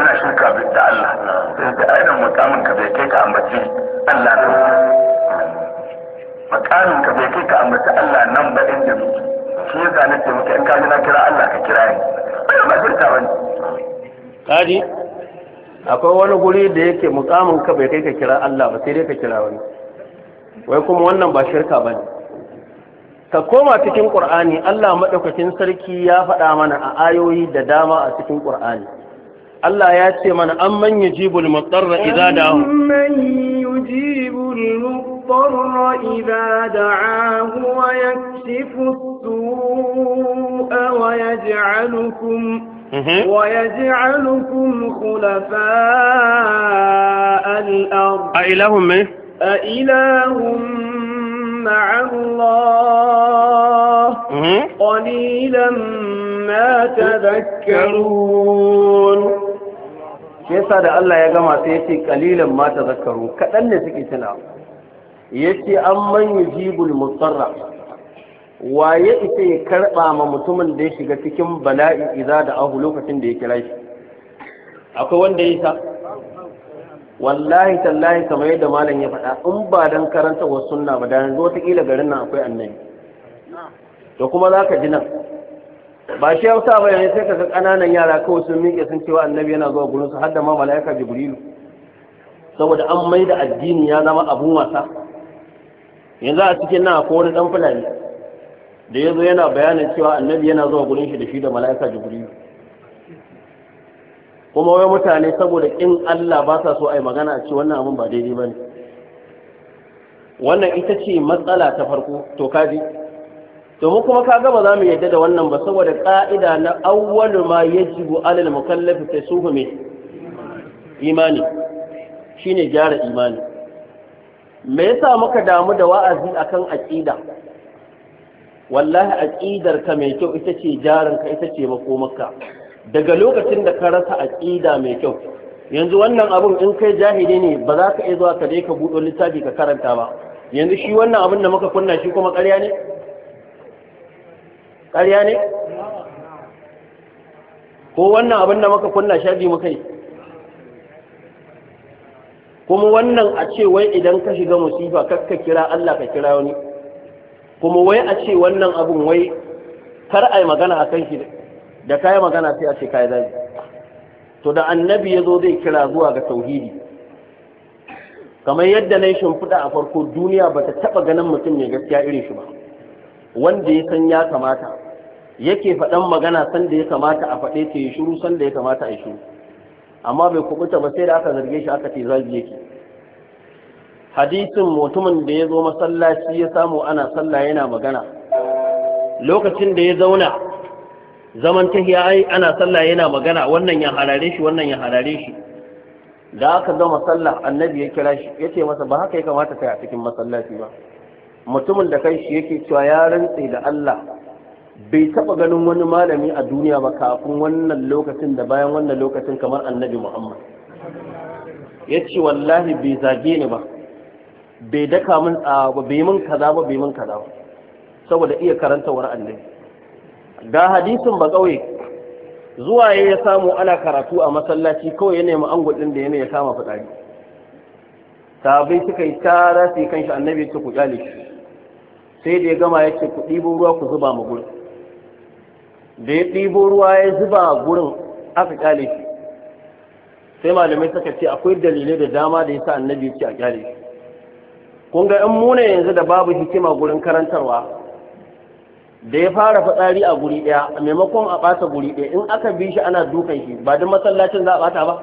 ina shirka da Allah sai da ainihin mutamin ka bai kai ka ambaci Allah ne makarin ka bai kai ka ambaci Allah nan ba in da shi zane nake muke in kaji na kira Allah
ka kira ni bai ba shirka bane
kaji akwai wani guri da yake mukamin ka bai kai ka kira Allah ba sai dai ka kira wani wai kuma wannan ba shirka ba ne. ka koma cikin qur'ani Allah madaukakin sarki ya faɗa mana a ayoyi da dama a cikin qur'ani Allah ya ce mana an man yujibul mutarra idza da'u man yujibul الضر إذا دعاه ويكشف السوء ويجعلكم ويجعلكم خلفاء الأرض أإله من؟ أإله مع الله قليلا ما تذكرون yasa da Allah ya gama sai ya ce kalilan ma tazakkaru kadan ne suke tunawa yace man yujibul wa waye ita ya karba ma mutumin da ya shiga cikin bala'i idza da ahu lokacin da ya kira shi akwai wanda ya sa wallahi tallahi kamar yadda malam ya faɗa in ba dan karanta wa sunna ba da zo ta kila garin nan akwai annabi to kuma za ji nan ba shi hausa ba yanzu sai ka ga ƙananan yara kawai sun miƙe sun cewa annabi yana zuwa gurinsu har da ma mala'ika jibrilu saboda an mai da addini ya zama abun wasa yanzu a cikin nan akwai wani dan fulani da yazo yana bayanin cewa annabi yana zuwa gurin shi da shi da mala'ika jibril kuma wai mutane saboda kin Allah ba sa so ai magana a ce wannan abin ba daidai bane wannan ita ce matsala ta farko to kaji domin kuma ka ba za mu yadda da wannan ba saboda ka'ida na awwal ma yajibu alal mukallafi tasuhu min imani shine gyara imani me yasa muka damu da wa'azi akan aqida wallahi aqidar ka mai kyau ita ce jarin ka ita ce makomarka daga lokacin da ka rasa aqida mai kyau yanzu wannan abun in kai jahili ne ba za ka iya zuwa ka dai ka buɗo littafi ka karanta ba yanzu shi wannan abin da muka kunna shi kuma ƙarya ne ƙarya ne ko wannan abin da muka kunna shafi muka yi kuma wannan a ce wai idan ka shiga musifa kakka kira Allah ka kira wani kuma wai a ce wannan abun wai kar a yi magana a kan shi da kayi magana sai a ce kayi zagi to da annabi ya zo zai kira zuwa ga tauhidi kamar yadda na yi shimfiɗa a farko duniya ba ta taɓa ganin mutum mai gaskiya irin shi ba wanda ya san ya kamata yake faɗan magana sanda ya kamata a faɗe ta yi shiru sanda ya kamata a yi shuru. amma bai kubuta ba sai da aka zarge shi aka ce zagi yake hadisin mutumin da ya zo masallaci ya samu ana sallah yana magana lokacin da ya zauna zaman ta ai ana sallah yana magana wannan ya harare shi wannan ya harare shi da aka gama sallah annabi ya kira shi ya ce masa ba haka ya kamata kai a cikin masallaci ba mutumin da kai shi yake cewa ya rantse da Allah bai taba ganin wani malami a duniya ba kafin wannan lokacin da bayan wannan lokacin kamar annabi muhammad ya ce wallahi bai zage ni ba bai daka min tsawa ba bai min kaza ba bai min kaza ba saboda iya karanta wani annabi ga hadisin ba kauye zuwa ya ya samu ana karatu a masallaci kawai ya nemi ango din da ya ya kama fitsari sabai suka yi tara sai kanshi annabi ya ce ku kyale shi sai da ya gama ya ce ku ɗibo ruwa ku zuba mu da ya ɗibo ruwa ya zuba gurin aka kyale shi sai malamai suka ce akwai dalilai da dama da ya sa annabi ya ce a kyale shi kun ga in muna yanzu da babu hikima gurin karantarwa da ya fara fitsari a guri ɗaya a maimakon a ɓata guri ɗaya in aka bi shi ana dukan shi ba duk masallacin za a ɓata ba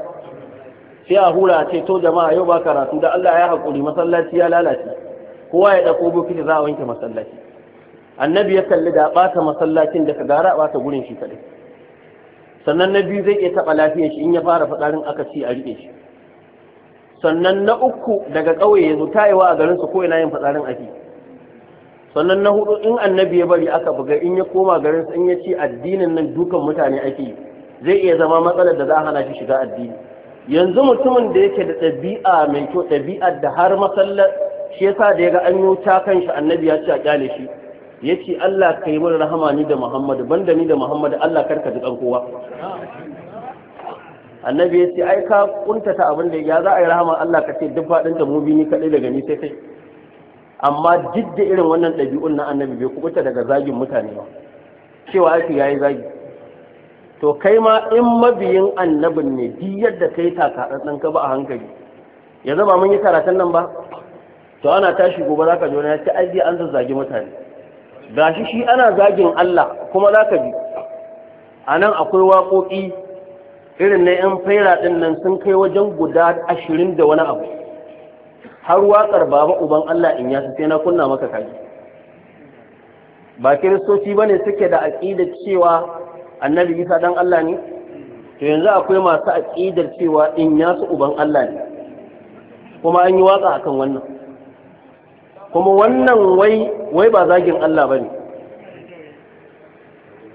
sai a hura ce to jama'a yau ba karatu da Allah ya haƙuri masallaci ya lalace kowa ya ɗauko bokiti za a wanke masallaci annabi ya kalli da ɓata masallacin da ka gara ɓata gurin shi kaɗai sannan na biyu zai iya taɓa lafiyar shi in ya fara faɗarin aka ci a riƙe shi sannan na uku daga ƙauye ya zo tayewa a garinsa ko ina yin faɗarin aji sannan na hudu in annabi ya bari aka buga in ya koma garinsa in ya ci addinin nan dukan mutane ake zai iya zama matsalar da za a hana shi shiga addini yanzu mutumin da yake da ɗabi'a mai kyau ɗabi'ar da har masallar shi yasa da ya ga an yi ta kan shi annabi ya ci a kyale shi ya ce Allah ka yi wani rahama ni da Muhammadu ban da ni da Muhammadu Allah karka ji kowa annabi ya ce ai ka kuntata abin da ya za a yi rahama Allah ka ce duk faɗin da mu ni kaɗai daga ni sai kai amma duk da irin wannan ɗabi'un na annabi bai kubuta daga zagin mutane ba cewa aiki ya yi zagi to kai ma in mabiyin annabin ne duk yadda kai ɗan ka ba a hankali ya zama mun yi karatun nan ba to ana tashi gobe za ka ji wani ya ce ai an zazzagi mutane gashi shi ana zagin Allah kuma za ka bi a nan akwai waƙoƙi irin na 'yan faira ɗin nan sun kai wajen guda ashirin da wani abu har waƙar baba uban Allah in ya sai na kunna maka kaji ba kiristoci ba ne suke da aƙidar cewa annabi isa dan Allah ne to yanzu akwai masu aƙidar cewa in ya su uban Allah ne kuma an yi waƙa akan wannan kuma wannan wai wai ba zagin Allah ba ne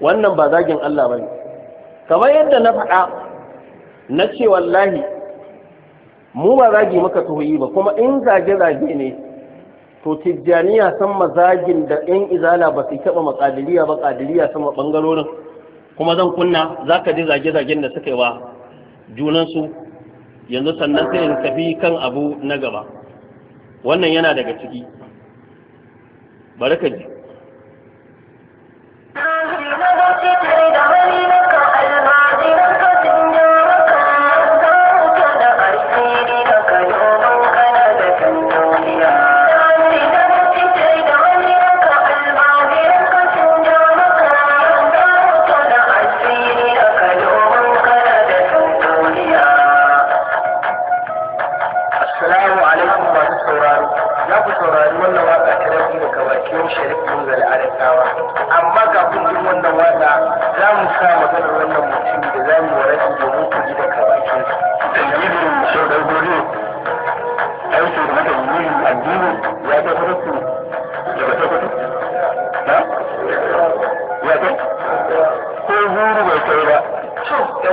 wannan ba zagin Allah ba ne kamar yadda na faɗa na ce wallahi mu ba zagi muka tuhuyi ba kuma in zage-zage ne to tijjaniya san mazagin da yan izala ba su taɓa maƙadiriya ba kadiriya sama ɓangarorin kuma zan kunna za ka ji zage-zagen da suka yi wa junansu yanzu sannan sai in tafi kan abu na gaba wannan yana daga ciki bari ji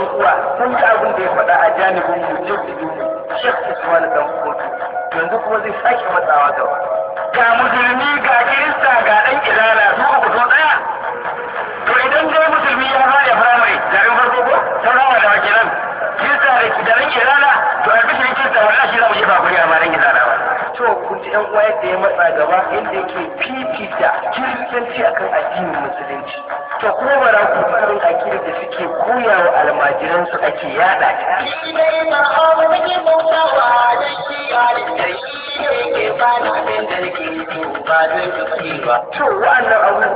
uwa sun yi abin da ya faɗa a janibin mu jirgin mu
shakka su da ɗan kotu yanzu kuma zai sake matsawa gaba
ga musulmi ga kirista ga ɗan kirana su ku so ɗaya to idan dai musulmi ya fara
firamare zaɓen farko ko sun rama da wakilan kirista da ɗan kirana to a bishirin kirista wanda shi za mu jefa kuri a ma ɗan kirana ba to kun ji ɗan uwa yadda ya matsa gaba inda yake fifita kiristanci akan addinin musulunci ta kuma ba za ku farin da suke koya wa almajiran su ake yada ta.
To wa'annan abu.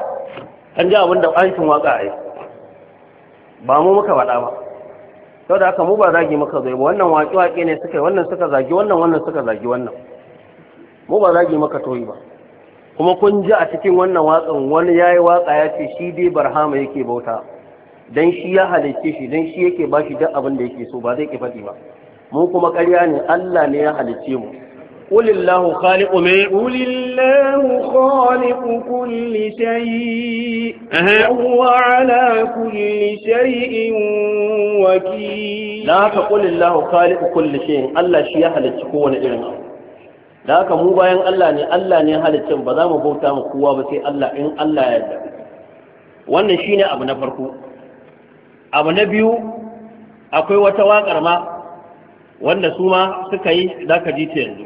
An ji abin da aikin waka a yi. Ba mu muka faɗa ba. Sau da haka mu ba zagi muka zai ba wannan waƙe-waƙe ne suka yi wannan suka zagi wannan wannan suka zagi wannan. Mu ba zagi muka toyi ba. kuma kun ji a cikin wannan watsan wani ya yi watsa ya ce shi dai barhama yake bauta don shi ya halicce shi don shi yake ba shi duk abin da yake so ba zai ki faɗi ba mu kuma ƙarya ne Allah ne ya halicce mu قل الله خالق من قل الله خالق كل شيء وهو على كل
شيء وكيل
لا تقل الله خالق كل شيء الله شيء يحلت كون إرنا da haka mu bayan Allah ne Allah ne halittun ba za mu bauta mu kowa ba sai Allah in Allah ya yarda wannan shine abu na farko abu na biyu akwai wata waƙar ma wanda su ma suka yi za ka ji ta yanzu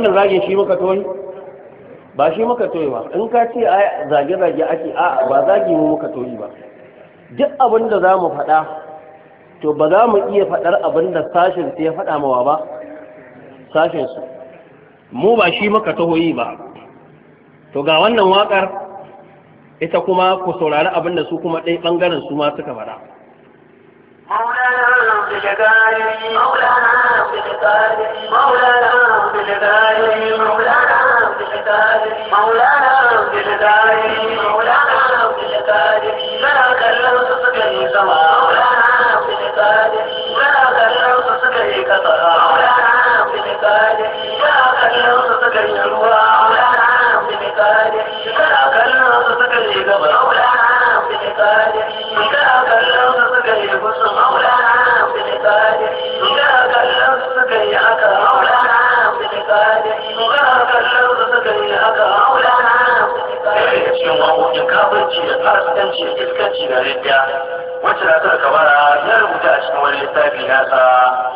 wannan zage shi maka toyi ba shi maka toyi ba in ka ce a zage-zage ake a ba zage mu maka toyi ba duk abin da za mu faɗa to ba za mu iya faɗar abin da sashen su ya faɗa mawa ba sashen su mu ba shi maka toyi ba to ga wannan waƙar ita kuma ku saurari abin da su kuma ɗaya ɓangaren su ma suka faɗa مولانا بالجبال مولانا بالجبال
مولانا بالجبال مولانا بالجبال مولانا بالجبال مولانا بالجبال لا كلمت سكي سما مولانا بالجبال لا كلمت سكي كفا مولانا بالجبال لا كلمت سكي روى مولانا بالجبال
لا كلمت سكي كفا مولانا بالجبال لا كلمت البشر مولانا بحفاده ذاك اللفظ كي أتى مولانا بحفاده ذاك اللفظ كي أتى مولانا daga cikin waƙoƙin kafirci da fasikanci da iskanci da ridda wacce na sarka bara ya rubuta a cikin wani littafi nasa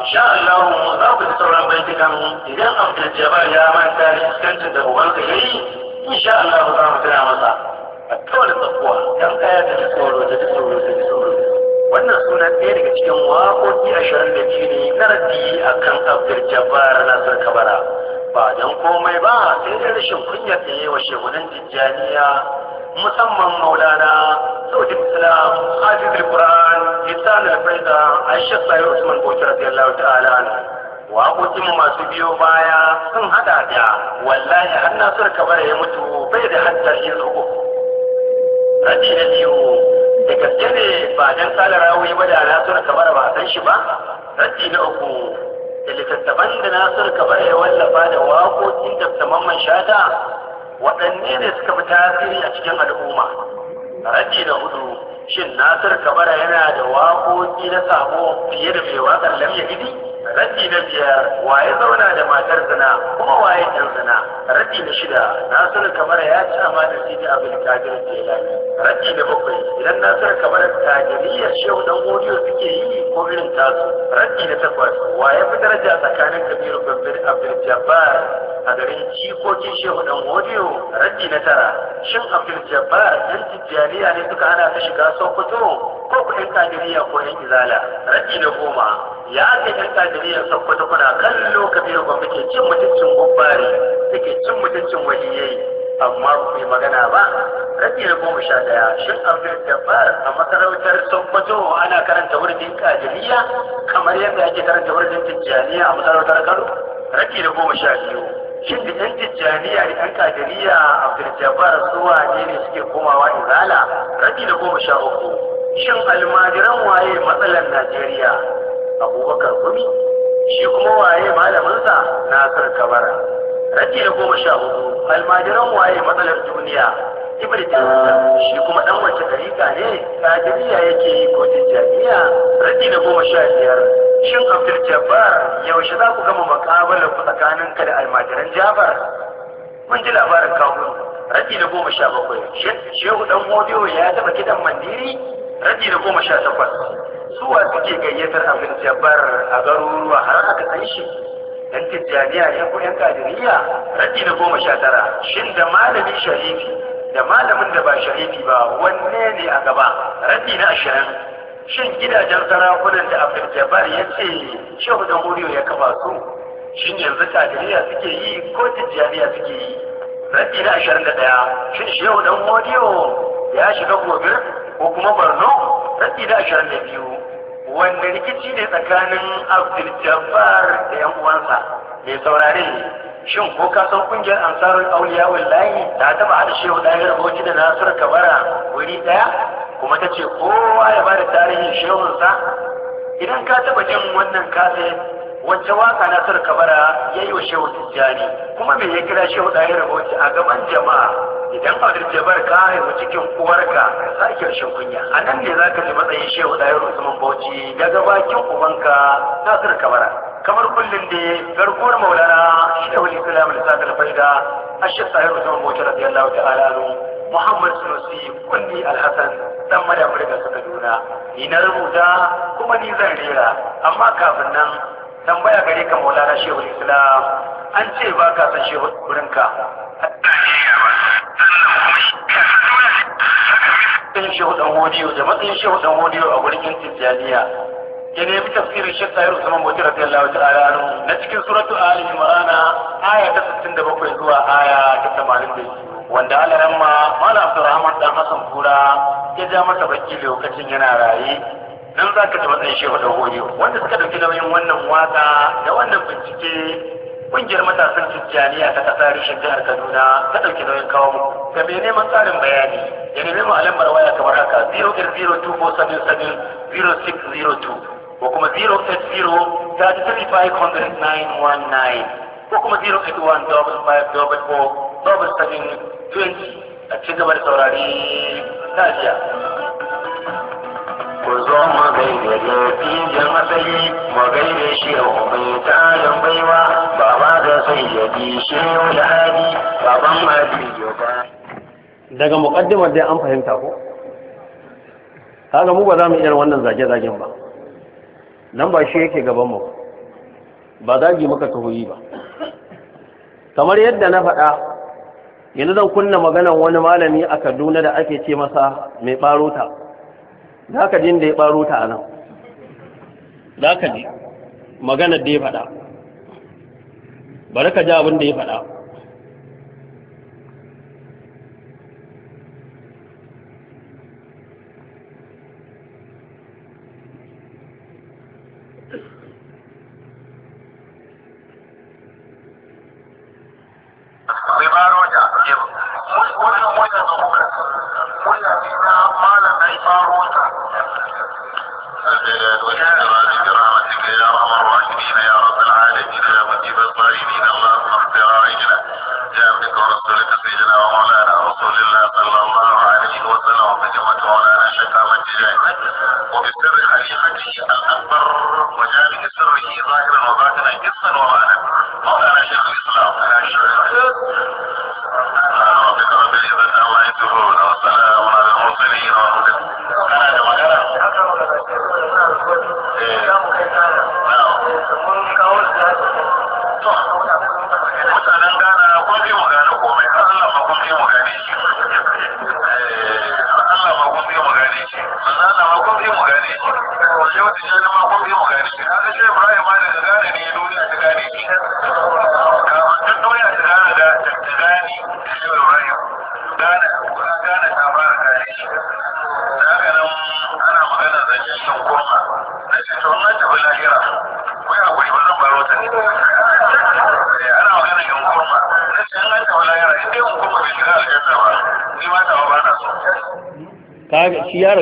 insha Allah za ku ji sauran baitukan idan Abdul Jabbar ya manta
da iskancin da ubansa ya yi
insha Allah za mu tuna masa a kawai da tsakuwa dan kaya da tsoro da tsoro da tsoro wannan suna ɗaya daga cikin waƙoƙi ashirin da ke ne na raddi a kan abdul jabbar nasir kabara ba don komai ba sai da rashin kunyar ta yi wa shekunan tijjaniya musamman maulana saudi islam hafiz al-quran lisan al aisha sayyid usman bauchi radiyallahu ta'ala waƙoƙin masu biyo baya sun hada da wallahi har nasir kabara ya mutu bai da hantar yin rubu Rabi na biyu da gaske ne ba dan kala rawi ba da na kabara a ba san shi ba raddi na uku da littattafan da na kabara ya wallafa da waƙoƙin da mamman shata waɗanne ne suka fi tasiri a cikin al'umma raddi na hudu shin nasir kabara yana da waƙoƙi na samu fiye da mai waƙar lamya gidi raddi na biyar waye zauna da matar zina kuma waye ɗan zina raddi na shida nasiru kabara ya ci da sidi abin kadir jelani raddi na bakwai idan nasiru kabara tajiriyar shehu dan godiyo suke yi ko irin tasu raddi na takwas waye fi daraja tsakanin kabiru babbar abin jabbar a garin jikokin shehu dan godiyo raddi na tara shin abin jabbar ɗan tijjaniya ne suka hana ta shiga sokoto ko ku ɗan kadiriya ko ɗan izala rabi na goma ya aka yan kadiriya sokoto kuna kallo da ba muke cin mutuncin gubbari suke cin mutuncin waliyai amma ku yi magana ba rabi na goma sha ɗaya shin fi jabbar a masarautar sokoto ana karanta wurin kadiriya kamar yadda ake karanta wurin tijjaniya a masarautar kano rabi na goma sha biyu shin da yan tijjaniya da yan kadiriya abdul-jabbar zuwa ne ne suke komawa izala rabi da goma sha uku shin
almajiran waye matsalar najeriya abubakar kumi shi kuma waye malaminsa nasir kabara rabi da goma sha hudu almajiran waye
matsalar duniya ibn taymiya shi kuma dan wace tarika ne kadiriya yake yi ko tijaniya rabi da goma sha biyar shin abdul jabbar yaushe za ku gama makabalar ku tsakanin ka da almajiran jabbar mun ji labarin kawun rabi da goma sha bakwai shehu dan modiyo ya taba kidan mandiri rabi da goma sha takwas suwa suke gayyatar abdul jabbar a garuruwa har aka san shi yan tijjaniya yan ko yan kadiriyya raddi na goma sha tara shin da malamin sharifi da malamin da ba sharifi ba wanne ne a gaba raddi na ashirin shin gidajen sarakunan da abdul jabbar ya ce shehu da muriyo ya kafa su shin yanzu kadiriyya suke yi ko tijjaniya suke yi raddi na ashirin da ɗaya shin shehu dan muriyo ya shiga gobe ko kuma barno raddi na ashirin da biyu wanda rikici ne tsakanin abdul jabbar da yan uwansa mai saurare shin ko ka san kungiyar ansarul auliya wallahi ta taba hada shehu a aboki da nasir kabara wuri daya kuma ta ce kowa ya bada tarihin shehunsa idan ka taba jin wannan kasa wacce waka na sarka bara ya yi wa shehu tijjani kuma me ya kira shehu da ya a gaban jama'a idan abdul jabar ka haihu cikin uwarka sa ake rashin kunya a nan ne za ka ji matsayin shehu da ya usman bauchi daga bakin ubanka na sarka bara kamar kullum da garkuwar maulana shehu islam da sadar faida a shi sahir usman bauchi radiyallahu ta'ala muhammad sunusi kunni alhassan dan madamar da suka duna ni na rubuta kuma ni zan rera amma kafin nan tambaya gare ka maulana shehu islam an ce ba ka san shehu wurin ka matsayin shehu dan hodiyo da matsayin shehu dan hodiyo a gurin yin tijjaniya ya nemi tafsirin shi tsayar usman bauti radiyallahu ta ayanu na cikin suratu ali ma'ana aya ta da bakwai zuwa aya ta 82 wanda Allah ramma mala Abdulrahman dan hasan Kura ya ja masa baki lokacin yana raye nan za ka taɓa matsayin shehu da wanda suka ɗauki nauyin wannan waka da wannan bincike kungiyar matasan tijjaniya ta kasa rishin jihar kaduna ta ɗauki nauyin kawo mu ga mai neman tsarin bayani ya nemi mu a lambar waya kamar haka 0802477 ko kuma 080 33500 919 ko kuma 081 double five double four double seven twenty a ci gaba da saurari
jiya. ku zo da matsayi shi shi
daga muƙaddimar dai an fahimta ko kaga mu ba za mu iya wannan zage-zagen ba nan ba shi yake gaban mu ba zagi muka tahoyi ba kamar yadda na faɗa yanzu zan kunna maganar wani malami a kaduna da ake ce masa mai ɓarota za ka jin da ya ɓaro ta a nan za ka ji maganar da ya faɗa bari ka ji abin da ya faɗa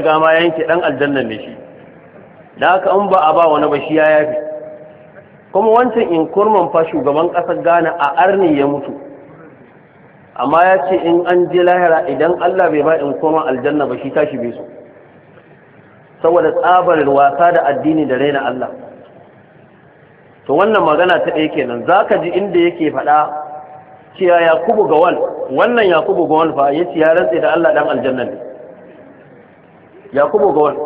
riga ma yanke dan aljanna ne shi da haka in ba a ba wani ba shi ya yafi kuma wancan in kurman fa shugaban kasar Ghana a arni ya mutu amma ya ce in an je lahira idan Allah bai ba in koma aljanna ba shi tashi bai so saboda tsabar wasa da addini da raina Allah to wannan magana ta ɗaya kenan zaka ji inda yake faɗa cewa yakubu gawal wannan yakubu gawal fa yace ya rantse da Allah dan aljanna ne yakubu wani,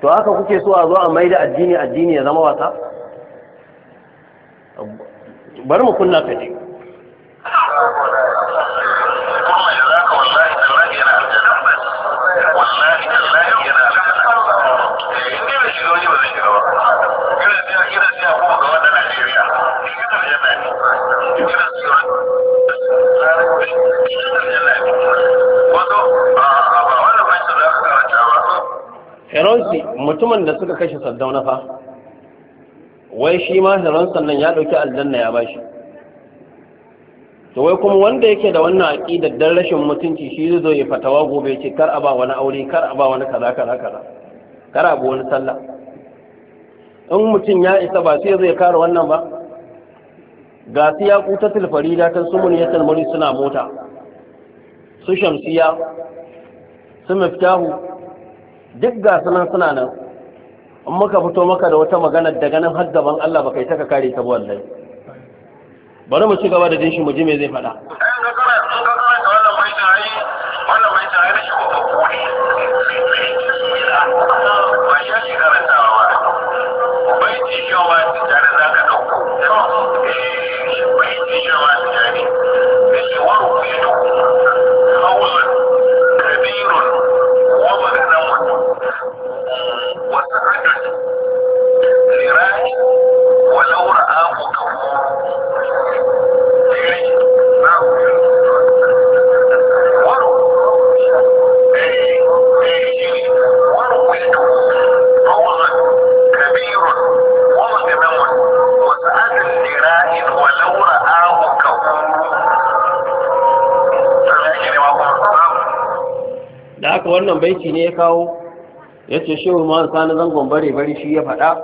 to haka kuke so a zo a mai da addini addini ya zama wasa bari mu kunna ka ce mutumin da suka kashe saddauna fa wai shi ma hiran sannan ya ɗauki aljanna ya bashi to wai kuma wanda yake da wannan aƙidar dan rashin mutunci shi zai zo ya fatawa gobe ce kar a ba wani aure kar a ba wani kaza kaza kaza kar a ba wani sallah in mutum ya isa ba sai zai kare wannan ba ga su ya kuta da ta sumun ya talmuri suna mota su shamsiya
su miftahu
duk ga sunan suna nan in muka fito maka da wata magana da ganin har gaban Allah baka kai ta ka kare ta wallahi bari mu ci gaba da jin shi mu ji me zai faɗa
Thank you. والرجل لراع ولو رآه كفور da
haka wannan baiti ne ya kawo ya ce shehu ma sani zangon bare bari shi ya faɗa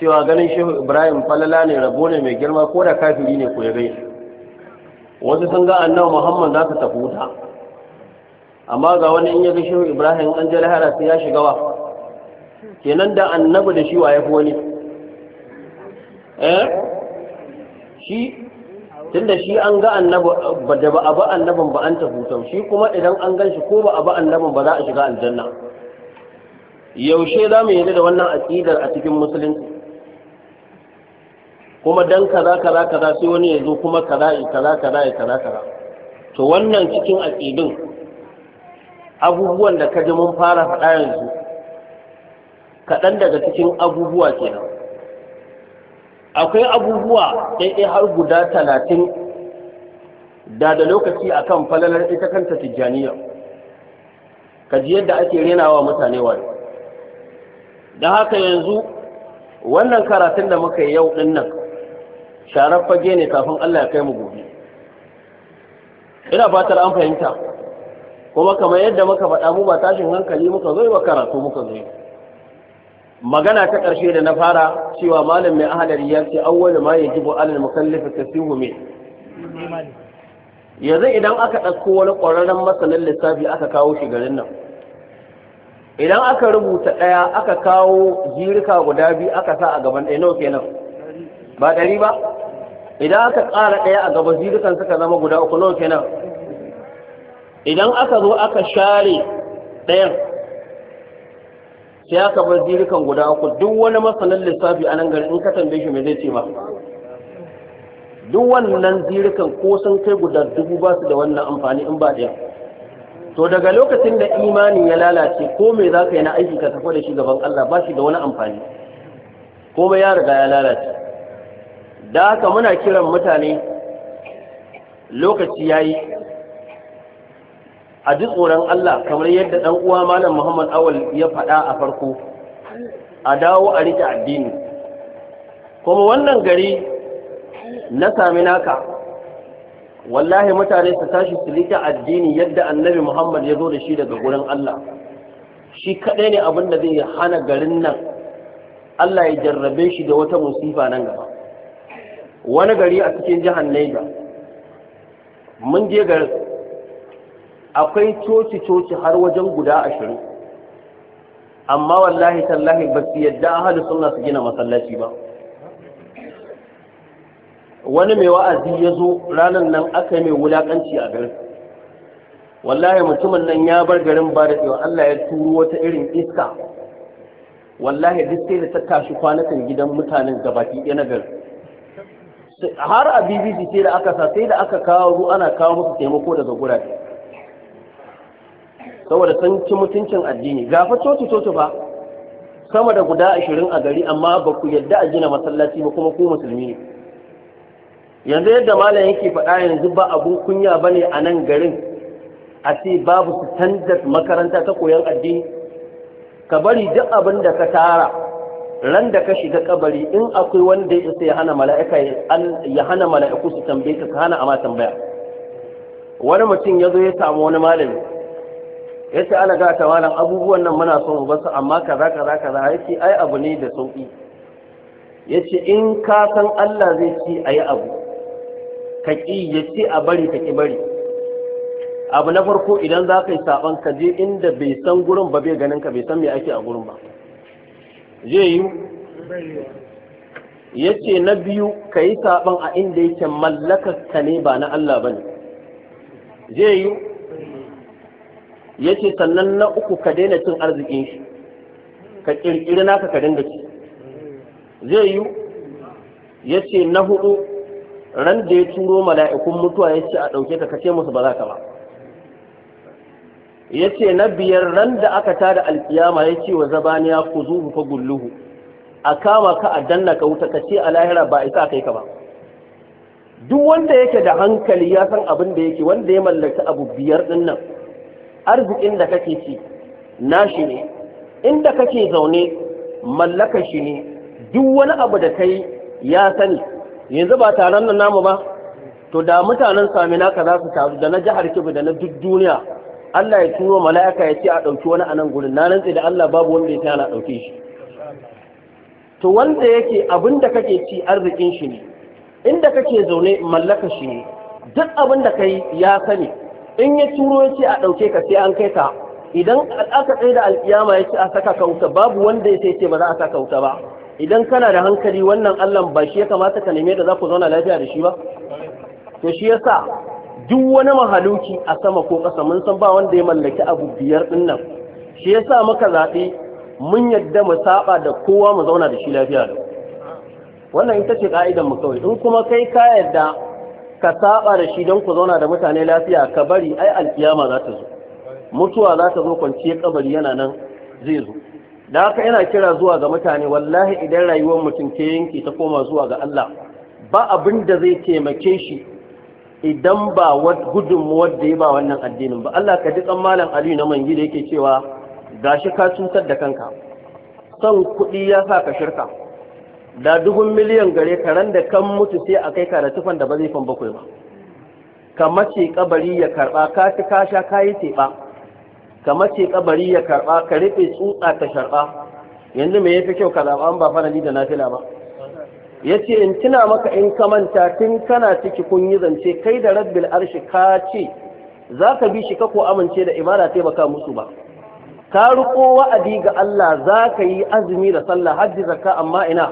cewa ganin shehu ibrahim falala ne rabo ne mai girma ko da kafiri ne ko ya gai wasu sun ga annabi muhammad za ta tafi wuta amma ga wani in ya ga shehu ibrahim an jala hara sai ya shiga wa kenan da annabi da shi wa ya fi wani eh shi tunda shi an ga annabi da ba annabin ba an tafi wuta shi kuma idan an gan shi ko ba a ba annabin ba za a shiga aljanna yaushe za mu yarda da wannan aƙidar a cikin musulunci kuma dan kaza kaza kaza sai wani ya zo kuma kaza ya kaza kaza ya kaza kaza to wannan cikin aƙidun abubuwan da ka mun fara faɗa yanzu kaɗan daga cikin abubuwa kenan akwai abubuwa ɗaiɗai har guda talatin da da lokaci akan falalar ita kanta tijjaniya ka ji yadda ake renawa mutane wani don haka yanzu wannan karatun da muka yi yau ɗin nan sharar fage ne kafin Allah ya kai mu gobe ina fatar an fahimta kuma kamar yadda muka faɗa mu ba tashin hankali muka zo ba karatu muka zo magana ta ƙarshe da na fara cewa malam mai ahalari ya ce awwalu ma yajibu alal mukallaf tasihu min yanzu idan aka ɗauko wani ƙwararren masanin lissafi aka kawo shi garin nan idan aka rubuta ɗaya aka kawo jirika guda biyu aka sa a gaban ɗaya nawa kenan ba ɗari ba idan aka ƙara ɗaya a gaban jirikan suka zama guda uku nawa kenan idan aka zo aka share ɗayan sai aka bar jirikan guda uku duk wani masanin lissafi a nan gari in ka tambaye shi me zai ce ba duk wannan jirikan ko sun kai guda dubu ba su da wannan amfani in ba ɗaya to daga lokacin da imani ya lalace ko me za ka yi na aiki ka tafi da shi gaban Allah ba shi da wani amfani ko ya riga ya lalace da haka muna kiran mutane lokaci ya yi a ji tsoron Allah kamar yadda ɗan uwa malam Muhammad Awal ya faɗa a farko a dawo a rike addini kuma wannan gari na sami naka wallahi mutane su tashi su liƙe addini yadda annabi muhammad ya zo da shi daga gurin allah shi kaɗai ne abin da zai hana garin nan allah ya jarrabe shi da wata musifa nan gaba wani gari a cikin jihar Niger mun je garin akwai coci-coci har wajen guda ashirin amma wallahi tallahi ba su yadda ahalu suna su gina masallaci ba wani mai wa'azi ya zo ranar nan aka yi mai wulaƙanci a garin wallahi mutumin nan ya bar garin ba da tsewa Allah ya turo wata irin iska wallahi duk sai da ta tashi kwanakan gidan mutanen gabaki ɗaya na garin har a bbc sai da aka sa sai da aka kawo ruwa ana kawo musu taimako daga gurabe saboda sun ci mutuncin addini gafa coci coci ba sama da guda ashirin a gari amma ba ku yadda a gina masallaci ba kuma ku musulmi ne yanzu yadda malam yake faɗa yanzu ba abun kunya ba ne a nan garin a ce babu standard makaranta ta koyon addini ka bari duk abin da ka tara ran da ka shiga kabari in akwai wanda ya isa ya hana mala'iku su tambaye ka hana hana amma tambaya wani mutum ya zo ya samu wani malami ya ce ana gata malam abubuwan nan muna son ba su amma kaza kaza kaza ya ce ai abu ne da sauki ya ce in ka san Allah zai ci ayi abu ka ƙi ya ce a bari ka ƙi bari abu na farko idan za ka yi saɓan ka je inda bai san gurin ba bai ganin ka bai san me ake a gurin ba zai yi ya ce na biyu ka yi saɓan a inda yake mallakar ka ne ba na Allah ba ne zai yi ya ce sannan na uku ka daina cin arzikin shi ka ƙirƙiri naka ka dinga ci zai yi ya ce na hudu ran da ya turo mala'ikun mutuwa ya ce a ɗauke ka kace musu ba za ka ba ya ce na biyar ran da aka ta da alkiyama ya ce wa zabaniya ku zuhu fa gulluhu a kama ka a danna ka wuta ka a lahira ba isa kai ka ba duk wanda yake da hankali ya san abin da yake wanda ya mallaki abu biyar ɗin nan arzikin da kake ci nashi ne inda kake zaune mallaka shi ne duk wani abu da kai ya sani yanzu ba taron nan namu ba to da mutanen samina ka za su taru da na jihar kibu da na duk duniya Allah ya turo mala'ika ya ce a ɗauki wani a nan gurin na rantse da Allah babu wanda ya tana ɗauke shi to wanda yake abin da kake ci arzikin shi ne inda kake zaune mallaka shi ne duk abin da kai ya sani in ya turo ya ce a ɗauke ka sai an kai ka idan aka tsaye da alkiyama ya ce a saka kauta babu wanda ya sai ce ba za a saka kauta ba idan kana da hankali wannan Allah ba shi ya kamata ka neme da za ku zauna lafiya da shi ba to shi ya sa duk wani mahaluki a sama ko ƙasa mun san ba wanda ya mallaki abu biyar ɗinnan nan shi sa muka zaɓe mun yadda mu saba da kowa mu zauna da shi lafiya da wannan ita ce ka'idan mu kawai in kuma kai ka yadda ka saɓa da shi don ku zauna da mutane lafiya ka bari ai alkiyama za ta zo mutuwa za ta zo kwanciyar kabari yana nan zai zo da haka yana kira zuwa ga mutane wallahi idan rayuwar mutum ke yanki ta koma zuwa ga Allah ba abin da zai taimake shi idan ba gudunmuwar da ya ba wannan addinin ba Allah ka ji malam Aliyu na mangi da yake cewa gashi ka cutar da kanka San kuɗi ya sa ka shirka da dubun miliyan gare ka da kan mutu sai a kai ka da tufan da ba zai fan bakwai ba ka mace kabari ya karɓa ka ci ka sha ka yi teɓa Da mace kabari ya karba ka rufe tsutsa ta sharba yanzu me fi kyau ka zaba an ba farali da nafila ba yace in tuna maka in ka manta tun kana ciki kun yi zance kai da rabbil arshi ka ce zaka bi shi ka ko amince da ibada sai baka musu ba ka riko wa'adi ga Allah zaka yi azumi da sallah hajji zakka amma ina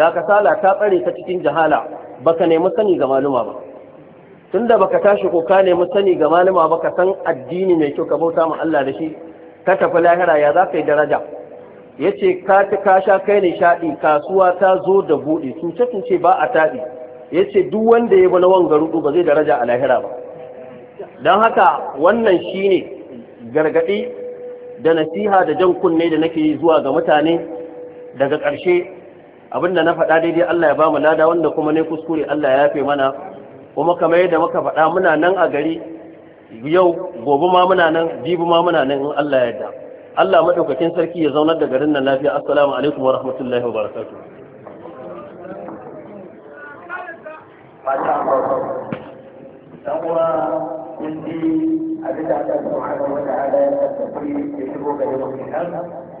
da ka sala ta tsare ta cikin jahala baka nemi sani ga maluma ba Tun tunda baka tashi ko ka nemi sani ga malama ba ka san addini mai kyau ka bauta ma Allah da shi ka tafi lahira ya za ka yi daraja yace ka ta ka sha kai nishaɗi kasuwa ta zo da buɗe cuce cuce ba a taɗi yace duk wanda ya na wanga rudu ba zai daraja a lahira ba don haka wannan shine gargaɗi da nasiha da jan kunne da nake yi zuwa ga mutane daga ƙarshe abinda na faɗa daidai Allah ya ba mu lada wanda kuma ne kuskure Allah ya yafe mana kuma kamar yadda muka faɗa muna nan a gari yau gobe ma muna nan jibi ma muna nan in Allah ya yarda Allah madaukakin sarki ya zaunar da garin nan lafiya assalamu alaikum wa rahmatullahi wa barakatuh
kun ji abin da Allah subhanahu wa ta'ala ya tabbata ya shigo ga yau kenan